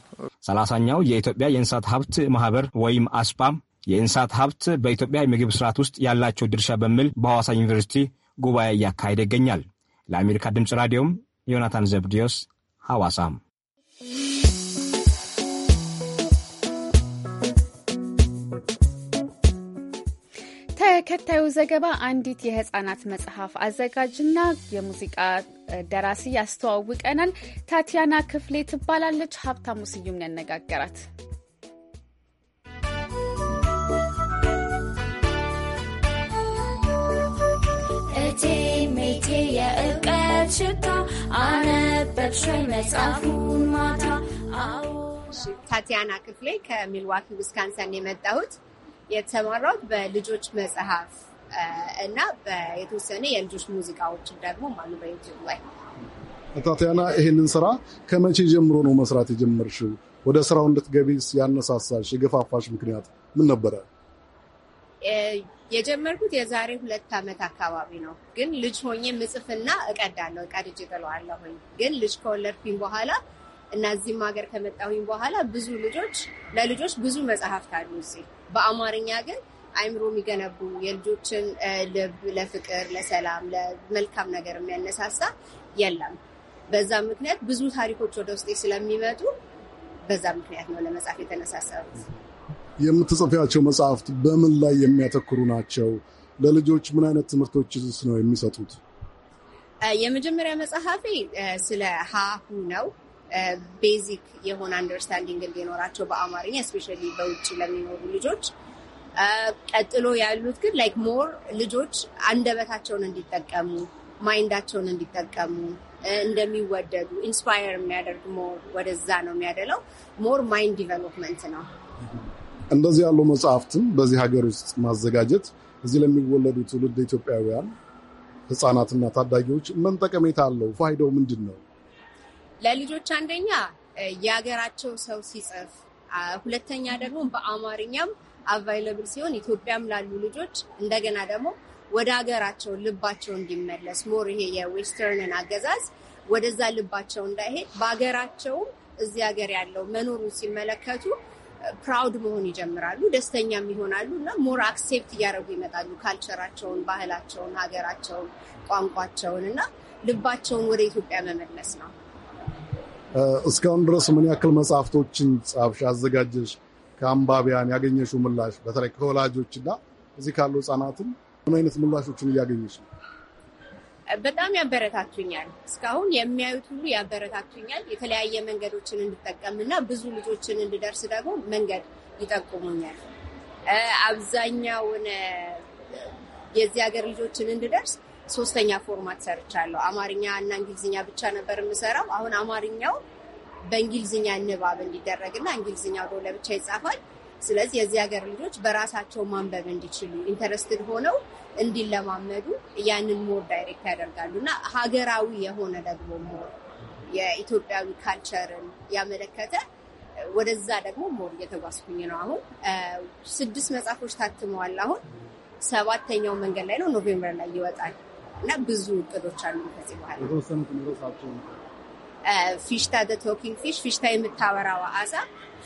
ሰላሳኛው የኢትዮጵያ የእንስሳት ሀብት ማህበር ወይም አስፓም የእንስሳት ሀብት በኢትዮጵያ የምግብ ስርዓት ውስጥ ያላቸው ድርሻ በሚል በሐዋሳ ዩኒቨርሲቲ ጉባኤ እያካሄደ ይገኛል። ለአሜሪካ ድምፅ ራዲዮም ዮናታን ዘብዲዮስ ሐዋሳም። ተከታዩ ዘገባ አንዲት የህጻናት መጽሐፍ አዘጋጅና የሙዚቃ ደራሲ ያስተዋውቀናል። ታቲያና ክፍሌ ትባላለች። ሀብታሙ ስዩም ያነጋገራት ታቲያና ክፍሌ ከሚልዋኪ ዊስካንሰን የመጣሁት የተሰማራሁት በልጆች መጽሐፍ እና የተወሰነ የልጆች ሙዚቃዎችን ደግሞ ማሉ በዩቲዩብ ላይ። ታቲያና ይሄንን ስራ ከመቼ ጀምሮ ነው መስራት የጀመርሽው? ወደ ስራው እንድትገቢ ያነሳሳሽ የገፋፋሽ ምክንያት ምን ነበረ? የጀመርኩት የዛሬ ሁለት ዓመት አካባቢ ነው። ግን ልጅ ሆኜ ምጽፍና እቀዳለሁ፣ ቀድጄ ጥለዋለሁኝ። ግን ልጅ ከወለድኩኝ በኋላ እና እዚህም ሀገር ከመጣሁኝ በኋላ ብዙ ልጆች ለልጆች ብዙ መጽሐፍት አሉ እዚህ በአማርኛ ግን አይምሮ የሚገነቡ የልጆችን ልብ ለፍቅር፣ ለሰላም፣ ለመልካም ነገር የሚያነሳሳ የለም። በዛ ምክንያት ብዙ ታሪኮች ወደ ውስጤ ስለሚመጡ በዛ ምክንያት ነው ለመጽሐፍ የተነሳሰሩት። የምትጽፊያቸው መጽሐፍት በምን ላይ የሚያተኩሩ ናቸው? ለልጆች ምን አይነት ትምህርቶችስ ነው የሚሰጡት? የመጀመሪያ መጽሐፌ ስለ ሀሁ ነው። ቤዚክ የሆነ አንደርስታንዲንግ እንዲኖራቸው በአማርኛ እስፔሻሊ በውጭ ለሚኖሩ ልጆች። ቀጥሎ ያሉት ግን ላይክ ሞር ልጆች አንደበታቸውን እንዲጠቀሙ ማይንዳቸውን እንዲጠቀሙ እንደሚወደዱ ኢንስፓየር የሚያደርግ ሞር ወደዛ ነው የሚያደለው። ሞር ማይንድ ዲቨሎፕመንት ነው። እንደዚህ ያሉ መጽሐፍትን በዚህ ሀገር ውስጥ ማዘጋጀት እዚህ ለሚወለዱ ትውልድ ኢትዮጵያውያን ህጻናትና ታዳጊዎች ምን ጠቀሜታ አለው? ፋይዳው ምንድን ነው? ለልጆች አንደኛ የሀገራቸው ሰው ሲጽፍ፣ ሁለተኛ ደግሞ በአማርኛም አቫይለብል ሲሆን ኢትዮጵያም ላሉ ልጆች እንደገና ደግሞ ወደ ሀገራቸው ልባቸው እንዲመለስ ሞር ይሄ የዌስተርንን አገዛዝ ወደዛ ልባቸው እንዳይሄድ በሀገራቸውም እዚህ ሀገር ያለው መኖሩን ሲመለከቱ ፕራውድ መሆን ይጀምራሉ፣ ደስተኛም ይሆናሉ እና ሞር አክሴፕት እያደረጉ ይመጣሉ ካልቸራቸውን፣ ባህላቸውን፣ ሀገራቸውን፣ ቋንቋቸውን እና ልባቸውን ወደ ኢትዮጵያ መመለስ ነው። እስካሁን ድረስ ምን ያክል መጽሐፍቶችን ጻፍሽ፣ አዘጋጀሽ? ከአንባቢያን ያገኘሽው ምላሽ በተለይ ከወላጆች እና እዚህ ካሉ ህጻናትም ምን አይነት ምላሾችን እያገኘች ነው? በጣም ያበረታቱኛል። እስካሁን የሚያዩት ሁሉ ያበረታቱኛል። የተለያየ መንገዶችን እና ብዙ ልጆችን እንድደርስ ደግሞ መንገድ ይጠቁሙኛል። አብዛኛውን የዚህ ሀገር ልጆችን እንድደርስ ሶስተኛ ፎርማት ሰርቻለሁ። አማርኛ እና እንግሊዝኛ ብቻ ነበር የምሰራው። አሁን አማርኛው በእንግሊዝኛ ንባብ እንዲደረግና እንግሊዝኛው ደግሞ ለብቻ ይጻፋል። ስለዚህ የዚህ ሀገር ልጆች በራሳቸው ማንበብ እንዲችሉ ኢንተረስትድ ሆነው እንዲለማመዱ ያንን ሞር ዳይሬክት ያደርጋሉ እና ሀገራዊ የሆነ ደግሞ ሞር የኢትዮጵያዊ ካልቸርን ያመለከተ ወደዛ ደግሞ ሞር እየተጓዝኩኝ ነው። አሁን ስድስት መጽሐፎች ታትመዋል። አሁን ሰባተኛው መንገድ ላይ ነው፣ ኖቬምበር ላይ ይወጣል እና ብዙ እቅዶች አሉ። ከዚህ በኋላ ፊሽታ ደ ቶኪንግ ፊሽ፣ ፊሽታ የምታበራው አሳ፣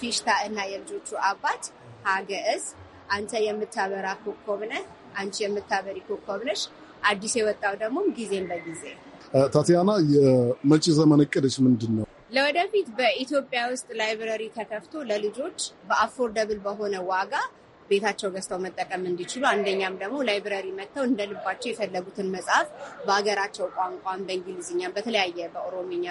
ፊሽታ እና የልጆቹ አባት፣ ሀገእዝ፣ አንተ የምታበራ ኮከብ ነህ አንቺ የምታበሪ ኮከብ ነሽ። አዲስ የወጣው ደግሞ ጊዜን በጊዜ ታቲያና፣ የመጪ ዘመን እቅድሽ ምንድን ነው? ለወደፊት በኢትዮጵያ ውስጥ ላይብረሪ ተከፍቶ ለልጆች በአፎርደብል በሆነ ዋጋ ቤታቸው ገዝተው መጠቀም እንዲችሉ፣ አንደኛም ደግሞ ላይብረሪ መጥተው እንደ ልባቸው የፈለጉትን መጽሐፍ በሀገራቸው ቋንቋን በእንግሊዝኛ፣ በተለያየ በኦሮሚኛ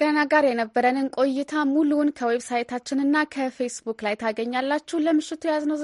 ገና ጋር የነበረንን ቆይታ ሙሉውን ከዌብሳይታችንና ከፌስቡክ ላይ ታገኛላችሁ። ለምሽቱ ያዝነው